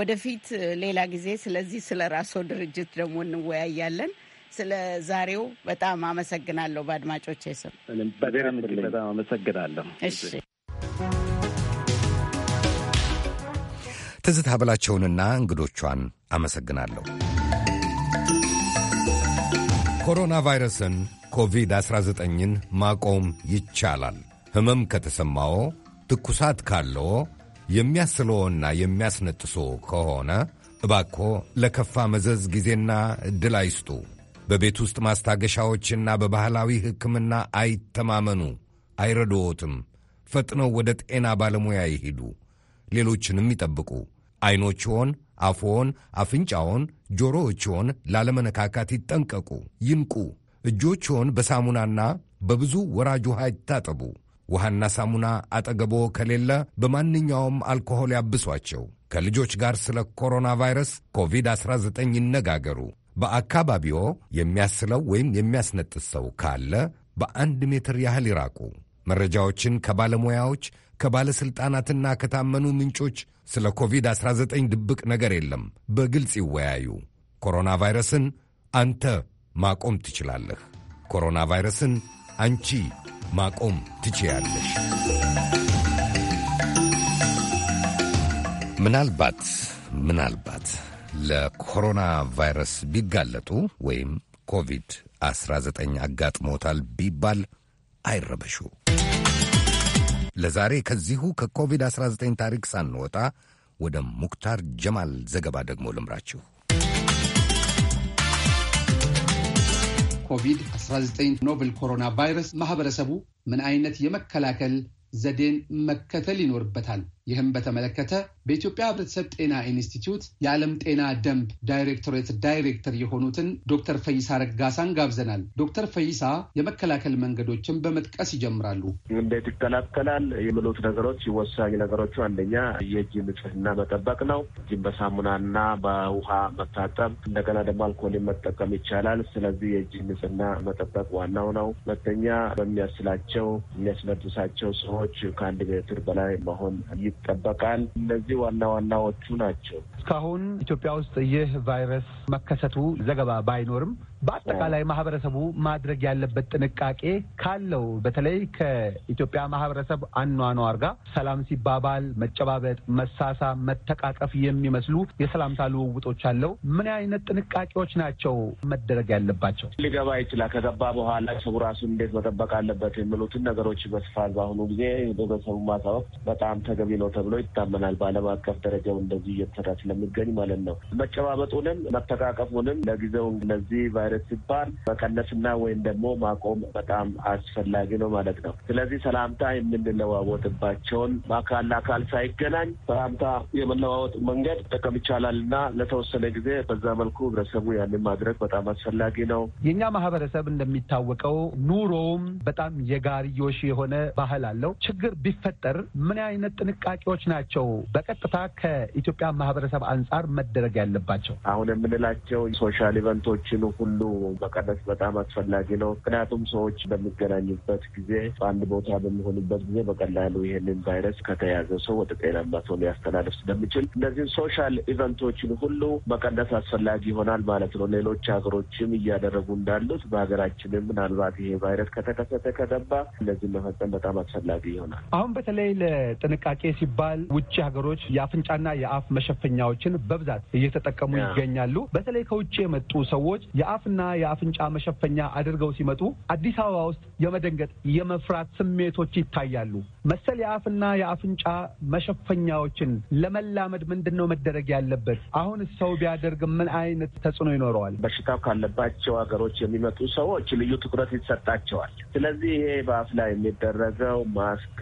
ወደፊት ሌላ ጊዜ ስለዚህ ስለ ራስዎ ድርጅት ደግሞ እንወያያለን። ስለ ዛሬው በጣም አመሰግናለሁ። በአድማጮች ስም በጣም አመሰግናለሁ። እሺ ትዝታ በላቸውንና እንግዶቿን አመሰግናለሁ። ኮሮና ቫይረስን ኮቪድ-19ን ማቆም ይቻላል። ህመም ከተሰማዎ፣ ትኩሳት ካለዎ፣ የሚያስለዎና የሚያስነጥሶ ከሆነ እባክዎ ለከፋ መዘዝ ጊዜና ዕድል አይስጡ። በቤት ውስጥ ማስታገሻዎችና በባህላዊ ሕክምና አይተማመኑ፣ አይረዶዎትም። ፈጥነው ወደ ጤና ባለሙያ ይሂዱ፣ ሌሎችንም ይጠብቁ። አይኖችዎን፣ አፎን አፍንጫውን ጆሮዎችዎን ላለመነካካት ይጠንቀቁ። ይንቁ። እጆችዎን በሳሙናና በብዙ ወራጅ ውሃ ይታጠቡ። ውሃና ሳሙና አጠገቦ ከሌለ በማንኛውም አልኮሆል ያብሷቸው። ከልጆች ጋር ስለ ኮሮና ቫይረስ ኮቪድ-19 ይነጋገሩ። በአካባቢዎ የሚያስለው ወይም የሚያስነጥስ ሰው ካለ በአንድ ሜትር ያህል ይራቁ። መረጃዎችን ከባለሙያዎች ከባለሥልጣናትና ከታመኑ ምንጮች ስለ ኮቪድ-19 ድብቅ ነገር የለም። በግልጽ ይወያዩ። ኮሮና ቫይረስን አንተ ማቆም ትችላለህ። ኮሮና ቫይረስን አንቺ ማቆም ትችያለሽ። ምናልባት ምናልባት ለኮሮና ቫይረስ ቢጋለጡ ወይም ኮቪድ-19 አጋጥሞታል ቢባል አይረበሹ። ለዛሬ ከዚሁ ከኮቪድ-19 ታሪክ ሳንወጣ ወደ ሙክታር ጀማል ዘገባ ደግሞ ልምራችሁ። ኮቪድ-19 ኖቨል ኮሮና ቫይረስ ማህበረሰቡ ምን አይነት የመከላከል ዘዴን መከተል ይኖርበታል? ይህም በተመለከተ በኢትዮጵያ ህብረተሰብ ጤና ኢንስቲትዩት የዓለም ጤና ደንብ ዳይሬክቶሬት ዳይሬክተር የሆኑትን ዶክተር ፈይሳ ረጋሳን ጋብዘናል። ዶክተር ፈይሳ የመከላከል መንገዶችን በመጥቀስ ይጀምራሉ። እንዴት ይከላከላል የሚሉት ነገሮች ወሳኝ ነገሮቹ አንደኛ የእጅ ንጽህና መጠበቅ ነው። እጅን በሳሙናና በውሃ መታጠብ፣ እንደገና ደግሞ አልኮልን መጠቀም ይቻላል። ስለዚህ የእጅ ንጽህና መጠበቅ ዋናው ነው። ሁለተኛ በሚያስላቸው የሚያስነድሳቸው ሰዎች ከአንድ ሜትር በላይ መሆን ይጠበቃል። እነዚህ ዋና ዋናዎቹ ናቸው። እስካሁን ኢትዮጵያ ውስጥ ይህ ቫይረስ መከሰቱ ዘገባ ባይኖርም በአጠቃላይ ማህበረሰቡ ማድረግ ያለበት ጥንቃቄ ካለው በተለይ ከኢትዮጵያ ማህበረሰብ አኗኗር ጋር ሰላም ሲባባል መጨባበጥ፣ መሳሳ፣ መተቃቀፍ የሚመስሉ የሰላምታ ልውውጦች አለው። ምን አይነት ጥንቃቄዎች ናቸው መደረግ ያለባቸው? ሊገባ ይችላል። ከገባ በኋላ ሰው ራሱን እንዴት መጠበቅ አለበት የሚሉትን ነገሮች በስፋት በአሁኑ ጊዜ ህብረተሰቡ ማሳወቅ በጣም ተገቢ ነው ተብሎ ይታመናል። በዓለም አቀፍ ደረጃው እንደዚህ እየተሰራ ስለሚገኝ ማለት ነው። መጨባበጡንም መተቃቀፉንም ለጊዜው እነዚህ ቫይረ ለማለት ሲባል መቀነስና ወይም ደግሞ ማቆም በጣም አስፈላጊ ነው ማለት ነው። ስለዚህ ሰላምታ የምንለዋወጥባቸውን በአካል ለአካል ሳይገናኝ ሰላምታ የመለዋወጥ መንገድ ጠቀም ይቻላል እና ለተወሰነ ጊዜ በዛ መልኩ ህብረተሰቡ ያንን ማድረግ በጣም አስፈላጊ ነው። የእኛ ማህበረሰብ እንደሚታወቀው ኑሮውም በጣም የጋርዮሽ የሆነ ባህል አለው። ችግር ቢፈጠር ምን አይነት ጥንቃቄዎች ናቸው በቀጥታ ከኢትዮጵያ ማህበረሰብ አንጻር መደረግ ያለባቸው? አሁን የምንላቸው ሶሻል ኢቨንቶችን ሁሉ መቀነስ በጣም አስፈላጊ ነው። ምክንያቱም ሰዎች በሚገናኙበት ጊዜ፣ በአንድ ቦታ በሚሆኑበት ጊዜ በቀላሉ ይህንን ቫይረስ ከተያዘ ሰው ወደ ጤናማ ሰው ሊያስተላልፍ ስለሚችል እነዚህን ሶሻል ኢቨንቶችን ሁሉ መቀነስ አስፈላጊ ይሆናል ማለት ነው። ሌሎች ሀገሮችም እያደረጉ እንዳሉት በሀገራችንም ምናልባት ይሄ ቫይረስ ከተከሰተ ከገባ እነዚህ መፈጸም በጣም አስፈላጊ ይሆናል። አሁን በተለይ ለጥንቃቄ ሲባል ውጭ ሀገሮች የአፍንጫና የአፍ መሸፈኛዎችን በብዛት እየተጠቀሙ ይገኛሉ። በተለይ ከውጭ የመጡ ሰዎች የአፍ የአፍና የአፍንጫ መሸፈኛ አድርገው ሲመጡ አዲስ አበባ ውስጥ የመደንገጥ የመፍራት ስሜቶች ይታያሉ። መሰል የአፍና የአፍንጫ መሸፈኛዎችን ለመላመድ ምንድን ነው መደረግ ያለበት? አሁን ሰው ቢያደርግ ምን አይነት ተጽዕኖ ይኖረዋል? በሽታው ካለባቸው ሀገሮች የሚመጡ ሰዎች ልዩ ትኩረት ይሰጣቸዋል። ስለዚህ ይሄ በአፍ ላይ የሚደረገው ማስክ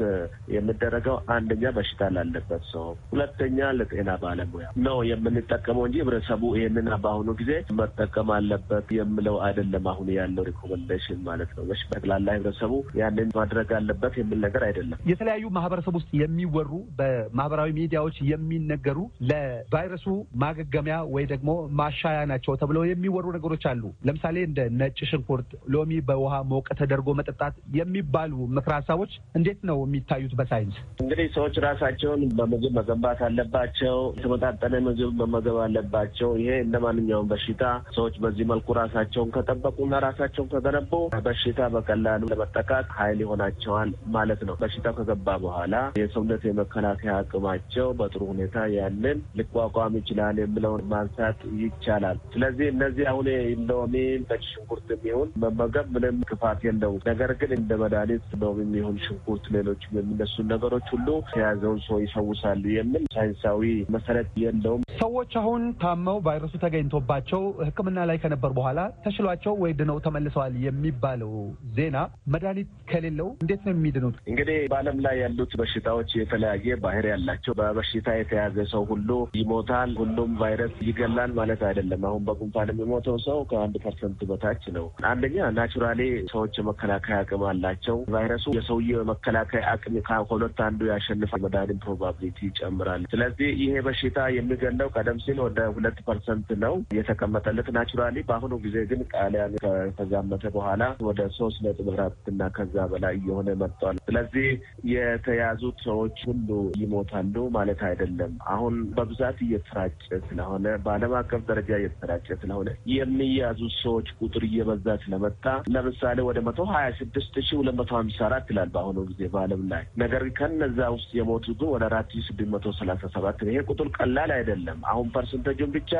የሚደረገው አንደኛ በሽታ ላለበት ሰው፣ ሁለተኛ ለጤና ባለሙያ ነው የምንጠቀመው እንጂ ህብረተሰቡ ይህንን በአሁኑ ጊዜ መጠቀም አለበት የምለው አይደለም። አሁን ያለው ሪኮመንዴሽን ማለት ነው። መች በጠቅላላ ህብረተሰቡ ያንን ማድረግ አለበት የሚል ነገር አይደለም። የተለያዩ ማህበረሰብ ውስጥ የሚወሩ በማህበራዊ ሚዲያዎች የሚነገሩ ለቫይረሱ ማገገሚያ ወይ ደግሞ ማሻያ ናቸው ተብለው የሚወሩ ነገሮች አሉ። ለምሳሌ እንደ ነጭ ሽንኩርት፣ ሎሚ በውሃ ሞቀ ተደርጎ መጠጣት የሚባሉ ምክረ ሀሳቦች እንዴት ነው የሚታዩት በሳይንስ? እንግዲህ ሰዎች ራሳቸውን በምግብ መገንባት አለባቸው። የተመጣጠነ ምግብ መመገብ አለባቸው። ይሄ እንደ ማንኛውም በሽታ ሰዎች በዚህ መልኩ ራሳቸውን ከጠበቁና ራሳቸውን ከገነቡ በሽታ በቀላሉ ለመጠቃት ኃይል ይሆናቸዋል ማለት ነው። በሽታው ከገባ በኋላ የሰውነት የመከላከያ አቅማቸው በጥሩ ሁኔታ ያንን ሊቋቋም ይችላል የሚለውን ማንሳት ይቻላል። ስለዚህ እነዚህ አሁን ሎሚ፣ ነጭ ሽንኩርት የሚሆን መመገብ ምንም ክፋት የለውም። ነገር ግን እንደ መድኃኒት ሎሚ የሚሆን ሽንኩርት፣ ሌሎች የሚነሱን ነገሮች ሁሉ የያዘውን ሰው ይሰውሳሉ የሚል ሳይንሳዊ መሰረት የለውም። ሰዎች አሁን ታመው ቫይረሱ ተገኝቶባቸው ሕክምና ላይ ከነበር በኋላ በኋላ ተሽሏቸው ወይ ድነው ተመልሰዋል የሚባለው ዜና መድኃኒት ከሌለው እንዴት ነው የሚድኑት? እንግዲህ በዓለም ላይ ያሉት በሽታዎች የተለያየ ባህር ያላቸው በበሽታ የተያዘ ሰው ሁሉ ይሞታል፣ ሁሉም ቫይረስ ይገላል ማለት አይደለም። አሁን በጉንፋን የሚሞተው ሰው ከአንድ ፐርሰንት በታች ነው። አንደኛ ናቹራሊ ሰዎች የመከላከያ አቅም አላቸው። ቫይረሱ የሰውየ መከላከያ አቅም ከሁለት አንዱ ያሸንፋ መድኃኒት ፕሮባብሊቲ ይጨምራል። ስለዚህ ይሄ በሽታ የሚገለው ቀደም ሲል ወደ ሁለት ፐርሰንት ነው የተቀመጠለት ናቹራሊ በአሁኑ ጊዜ ግን ጣሊያን ከተዛመተ በኋላ ወደ ሶስት ነጥብ አራት እና ከዛ በላይ እየሆነ መጥቷል። ስለዚህ የተያዙት ሰዎች ሁሉ ይሞታሉ ማለት አይደለም። አሁን በብዛት እየተሰራጨ ስለሆነ በዓለም አቀፍ ደረጃ እየተሰራጨ ስለሆነ የሚያዙ ሰዎች ቁጥር እየበዛ ስለመጣ ለምሳሌ ወደ መቶ ሀያ ስድስት ሺ ሁለት መቶ ሀምሳ አራት ይላል በአሁኑ ጊዜ በዓለም ላይ ነገር ግን ከነዛ ውስጥ የሞቱ ግን ወደ አራት ሺ ስድስት መቶ ሰላሳ ሰባት ይሄ ቁጥር ቀላል አይደለም። አሁን ፐርሰንተጁን ብቻ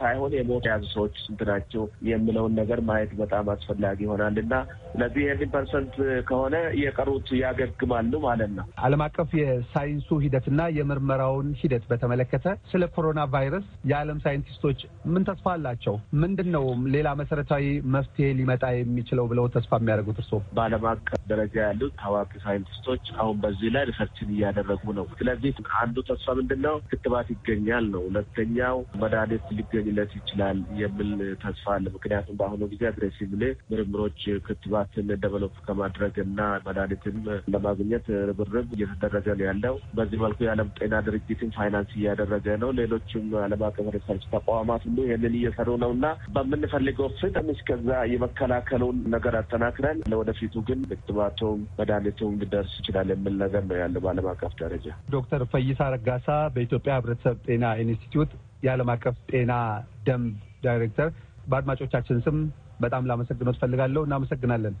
ሳይሆን የሞት የያዙ ሰዎች ስንት ናቸው የሚለውን ነገር ማየት በጣም አስፈላጊ ይሆናል እና ስለዚህ ይህን ፐርሰንት ከሆነ የቀሩት ያገግማሉ ማለት ነው። ዓለም አቀፍ የሳይንሱ ሂደትና የምርመራውን ሂደት በተመለከተ ስለ ኮሮና ቫይረስ የዓለም ሳይንቲስቶች ምን ተስፋ አላቸው? ምንድን ነው ሌላ መሰረታዊ መፍትሄ ሊመጣ የሚችለው ብለው ተስፋ የሚያደርጉት እርስዎ? በዓለም አቀፍ ደረጃ ያሉት ታዋቂ ሳይንቲስቶች አሁን በዚህ ላይ ሪሰርችን እያደረጉ ነው። ስለዚህ አንዱ ተስፋ ምንድን ነው? ክትባት ይገኛል ነው። ሁለተኛው መድኃኒት ሊገኝለት ይችላል የሚል ተስፋ አለ። ምክንያቱም በአሁኑ ጊዜ አግሬሲቭ ምርምሮች ክትባትን ደቨሎፕ ከማድረግ እና መድኃኒትን ለማግኘት ርብርብ እየተደረገ ነው ያለው። በዚህ መልኩ የዓለም ጤና ድርጅትም ፋይናንስ እያደረገ ነው። ሌሎችም ዓለም አቀፍ ሪሰርች ተቋማት ሁሉ ይህንን እየሰሩ ነው እና በምንፈልገው ፍጥነት እስከዛ የመከላከሉን ነገር አጠናክረን ለወደፊቱ ግን ክትባቱም መድኃኒቱም ሊደርስ ይችላል የሚል ነገር ነው ያለው በዓለም አቀፍ ደረጃ። ዶክተር ፈይሳ ረጋሳ በኢትዮጵያ ህብረተሰብ ጤና ኢንስቲትዩት የዓለም አቀፍ ጤና ደንብ ዳይሬክተር በአድማጮቻችን ስም በጣም ላመሰግኖት ፈልጋለሁ። እናመሰግናለን።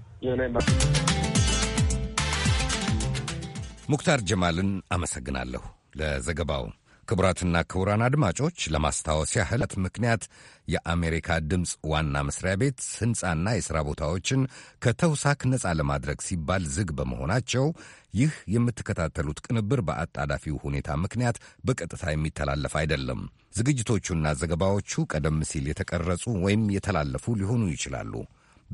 ሙክታር ጀማልን አመሰግናለሁ ለዘገባው። ክቡራትና ክቡራን አድማጮች ለማስታወስ ያህለት ምክንያት የአሜሪካ ድምፅ ዋና መስሪያ ቤት ሕንፃና የሥራ ቦታዎችን ከተውሳክ ነፃ ለማድረግ ሲባል ዝግ በመሆናቸው ይህ የምትከታተሉት ቅንብር በአጣዳፊው ሁኔታ ምክንያት በቀጥታ የሚተላለፍ አይደለም። ዝግጅቶቹና ዘገባዎቹ ቀደም ሲል የተቀረጹ ወይም የተላለፉ ሊሆኑ ይችላሉ።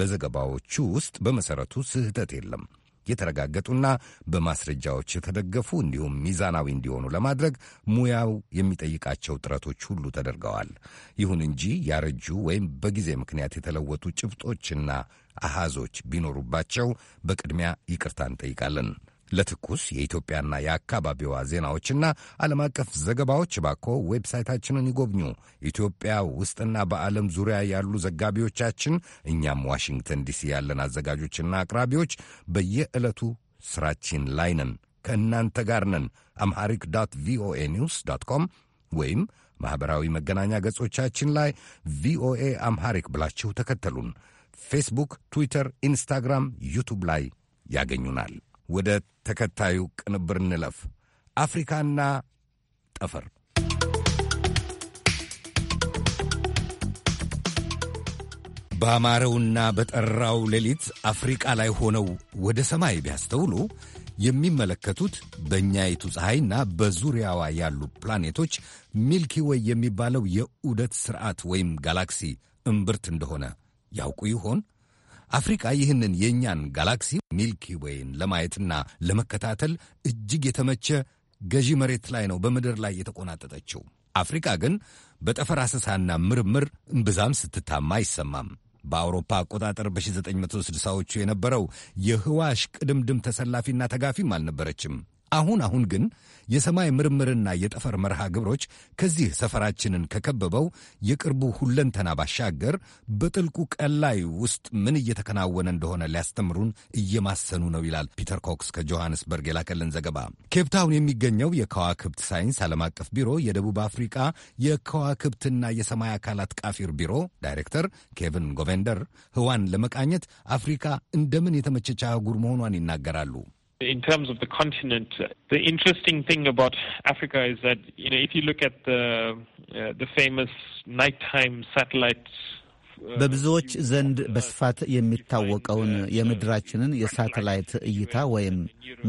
በዘገባዎቹ ውስጥ በመሠረቱ ስህተት የለም። የተረጋገጡና በማስረጃዎች የተደገፉ እንዲሁም ሚዛናዊ እንዲሆኑ ለማድረግ ሙያው የሚጠይቃቸው ጥረቶች ሁሉ ተደርገዋል። ይሁን እንጂ ያረጁ ወይም በጊዜ ምክንያት የተለወጡ ጭብጦችና አሃዞች ቢኖሩባቸው በቅድሚያ ይቅርታ እንጠይቃለን። ለትኩስ የኢትዮጵያና የአካባቢዋ ዜናዎችና ዓለም አቀፍ ዘገባዎች ባኮ ዌብሳይታችንን ይጎብኙ። ኢትዮጵያ ውስጥና በዓለም ዙሪያ ያሉ ዘጋቢዎቻችን፣ እኛም ዋሽንግተን ዲሲ ያለን አዘጋጆችና አቅራቢዎች በየዕለቱ ስራችን ላይ ነን፣ ከእናንተ ጋር ነን። አምሐሪክ ዶት ቪኦኤ ኒውስ ዶት ኮም ወይም ማኅበራዊ መገናኛ ገጾቻችን ላይ ቪኦኤ አምሐሪክ ብላችሁ ተከተሉን። ፌስቡክ፣ ትዊተር፣ ኢንስታግራም፣ ዩቱብ ላይ ያገኙናል። ወደ ተከታዩ ቅንብር እንለፍ። አፍሪካና ጠፈር በአማረውና በጠራው ሌሊት አፍሪቃ ላይ ሆነው ወደ ሰማይ ቢያስተውሉ የሚመለከቱት በእኛይቱ ፀሐይና በዙሪያዋ ያሉ ፕላኔቶች ሚልኪ ወይ የሚባለው የዑደት ሥርዓት ወይም ጋላክሲ እምብርት እንደሆነ ያውቁ ይሆን? አፍሪካ ይህንን የእኛን ጋላክሲ ሚልኪ ዌይን ለማየትና ለመከታተል እጅግ የተመቸ ገዢ መሬት ላይ ነው በምድር ላይ የተቆናጠጠችው። አፍሪካ ግን በጠፈር አሰሳና ምርምር እምብዛም ስትታማ አይሰማም። በአውሮፓ አቆጣጠር በ1960ዎቹ የነበረው የህዋሽ ቅድምድም ተሰላፊና ተጋፊም አልነበረችም። አሁን አሁን ግን የሰማይ ምርምርና የጠፈር መርሃ ግብሮች ከዚህ ሰፈራችንን ከከበበው የቅርቡ ሁለንተና ባሻገር በጥልቁ ቀላይ ውስጥ ምን እየተከናወነ እንደሆነ ሊያስተምሩን እየማሰኑ ነው ይላል ፒተር ኮክስ ከጆሐንስበርግ የላከልን ዘገባ። ኬፕታውን የሚገኘው የከዋክብት ሳይንስ ዓለም አቀፍ ቢሮ የደቡብ አፍሪቃ የከዋክብትና የሰማይ አካላት ቃፊር ቢሮ ዳይሬክተር ኬቪን ጎቬንደር ህዋን ለመቃኘት አፍሪካ እንደምን የተመቸች አህጉር መሆኗን ይናገራሉ። in terms of the continent, the interesting thing about Africa is that you know if you look at the uh, the famous nighttime satellites በብዙዎች ዘንድ በስፋት የሚታወቀውን የምድራችንን የሳተላይት እይታ ወይም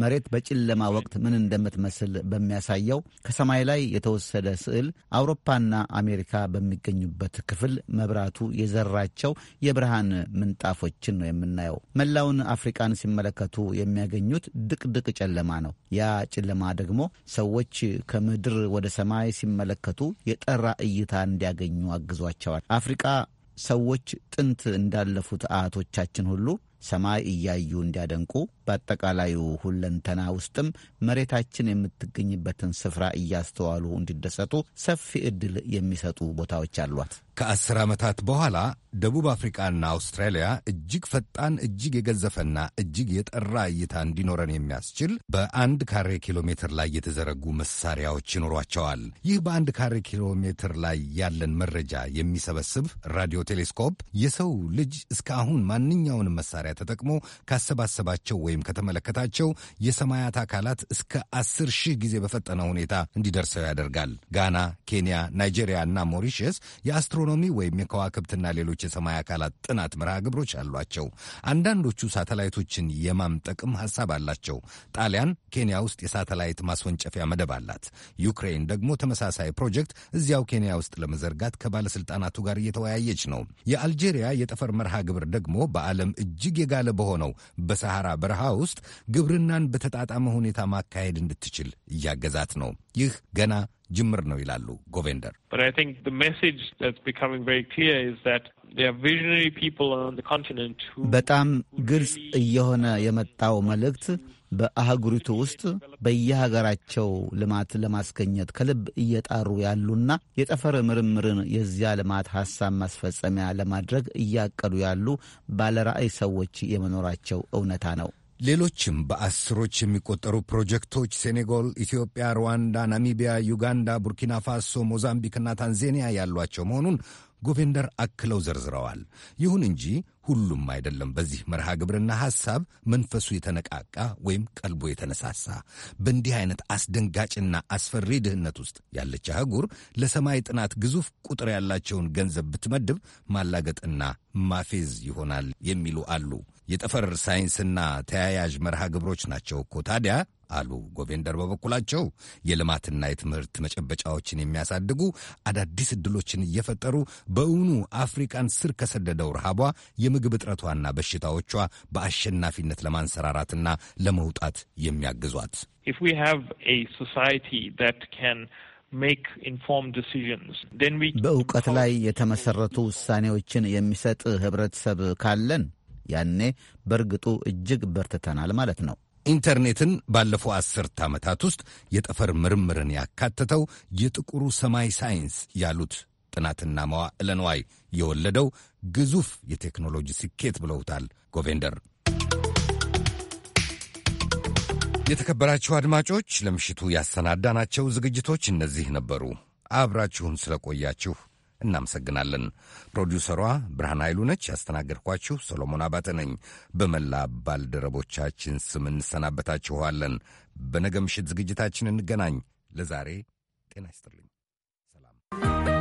መሬት በጨለማ ወቅት ምን እንደምትመስል በሚያሳየው ከሰማይ ላይ የተወሰደ ስዕል አውሮፓና አሜሪካ በሚገኙበት ክፍል መብራቱ የዘራቸው የብርሃን ምንጣፎችን ነው የምናየው። መላውን አፍሪቃን ሲመለከቱ የሚያገኙት ድቅድቅ ጨለማ ነው። ያ ጨለማ ደግሞ ሰዎች ከምድር ወደ ሰማይ ሲመለከቱ የጠራ እይታ እንዲያገኙ አግዟቸዋል። አፍሪቃ ሰዎች ጥንት እንዳለፉት አያቶቻችን ሁሉ ሰማይ እያዩ እንዲያደንቁ በአጠቃላዩ ሁለንተና ውስጥም መሬታችን የምትገኝበትን ስፍራ እያስተዋሉ እንዲደሰቱ ሰፊ ዕድል የሚሰጡ ቦታዎች አሏት። ከአስር ዓመታት በኋላ ደቡብ አፍሪቃና አውስትራሊያ እጅግ ፈጣን እጅግ የገዘፈና እጅግ የጠራ እይታ እንዲኖረን የሚያስችል በአንድ ካሬ ኪሎ ሜትር ላይ የተዘረጉ መሳሪያዎች ይኖሯቸዋል። ይህ በአንድ ካሬ ኪሎ ሜትር ላይ ያለን መረጃ የሚሰበስብ ራዲዮ ቴሌስኮፕ የሰው ልጅ እስከ አሁን ማንኛውንም መሳሪያ ተጠቅሞ ካሰባሰባቸው ወይም በቴሌቪዥን ከተመለከታቸው የሰማያት አካላት እስከ አስር ሺህ ጊዜ በፈጠነ ሁኔታ እንዲደርሰው ያደርጋል። ጋና፣ ኬንያ፣ ናይጄሪያ እና ሞሪሽስ የአስትሮኖሚ ወይም የከዋክብትና ሌሎች የሰማይ አካላት ጥናት መርሃ ግብሮች አሏቸው። አንዳንዶቹ ሳተላይቶችን የማምጠቅም ሀሳብ አላቸው። ጣሊያን ኬንያ ውስጥ የሳተላይት ማስወንጨፊያ መደብ አላት። ዩክሬን ደግሞ ተመሳሳይ ፕሮጀክት እዚያው ኬንያ ውስጥ ለመዘርጋት ከባለስልጣናቱ ጋር እየተወያየች ነው። የአልጄሪያ የጠፈር መርሃ ግብር ደግሞ በዓለም እጅግ የጋለ በሆነው በሰሃራ በረሃ በረሃ ውስጥ ግብርናን በተጣጣመ ሁኔታ ማካሄድ እንድትችል እያገዛት ነው። ይህ ገና ጅምር ነው ይላሉ ጎቬንደር። በጣም ግልጽ እየሆነ የመጣው መልእክት በአህጉሪቱ ውስጥ በየሀገራቸው ልማት ለማስገኘት ከልብ እየጣሩ ያሉና የጠፈር ምርምርን የዚያ ልማት ሀሳብ ማስፈጸሚያ ለማድረግ እያቀዱ ያሉ ባለራዕይ ሰዎች የመኖራቸው እውነታ ነው። ሌሎችም በአስሮች የሚቆጠሩ ፕሮጀክቶች ሴኔጋል፣ ኢትዮጵያ፣ ሩዋንዳ፣ ናሚቢያ፣ ዩጋንዳ፣ ቡርኪና ፋሶ፣ ሞዛምቢክና ታንዜኒያ ያሏቸው መሆኑን ጎቬንደር አክለው ዘርዝረዋል። ይሁን እንጂ ሁሉም አይደለም። በዚህ መርሃ ግብርና ሐሳብ መንፈሱ የተነቃቃ ወይም ቀልቦ የተነሳሳ በእንዲህ አይነት አስደንጋጭና አስፈሪ ድህነት ውስጥ ያለች አህጉር ለሰማይ ጥናት ግዙፍ ቁጥር ያላቸውን ገንዘብ ብትመድብ ማላገጥና ማፌዝ ይሆናል የሚሉ አሉ። የጠፈር ሳይንስና ተያያዥ መርሃ ግብሮች ናቸው እኮ ታዲያ አሉ ጎቬንደር። በበኩላቸው የልማትና የትምህርት መጨበጫዎችን የሚያሳድጉ አዳዲስ እድሎችን እየፈጠሩ በእውኑ አፍሪካን ስር ከሰደደው ረሃቧ የምግብ እጥረቷና በሽታዎቿ በአሸናፊነት ለማንሰራራትና ለመውጣት የሚያግዟት በእውቀት ላይ የተመሰረቱ ውሳኔዎችን የሚሰጥ ህብረተሰብ ካለን ያኔ በእርግጡ እጅግ በርትተናል ማለት ነው። ኢንተርኔትን ባለፈው አስርት ዓመታት ውስጥ የጠፈር ምርምርን ያካተተው የጥቁሩ ሰማይ ሳይንስ ያሉት ጥናትና መዋዕለ ንዋይ የወለደው ግዙፍ የቴክኖሎጂ ስኬት ብለውታል ጎቬንደር። የተከበራችሁ አድማጮች ለምሽቱ ያሰናዳናቸው ዝግጅቶች እነዚህ ነበሩ። አብራችሁን ስለቆያችሁ እናመሰግናለን። ፕሮዲውሰሯ ብርሃን ኃይሉ ነች። ያስተናገድኳችሁ ሶሎሞን አባተ ነኝ። በመላ ባልደረቦቻችን ስም እንሰናበታችኋለን። በነገ ምሽት ዝግጅታችን እንገናኝ። ለዛሬ ጤና ይስጥልኝ። ሰላም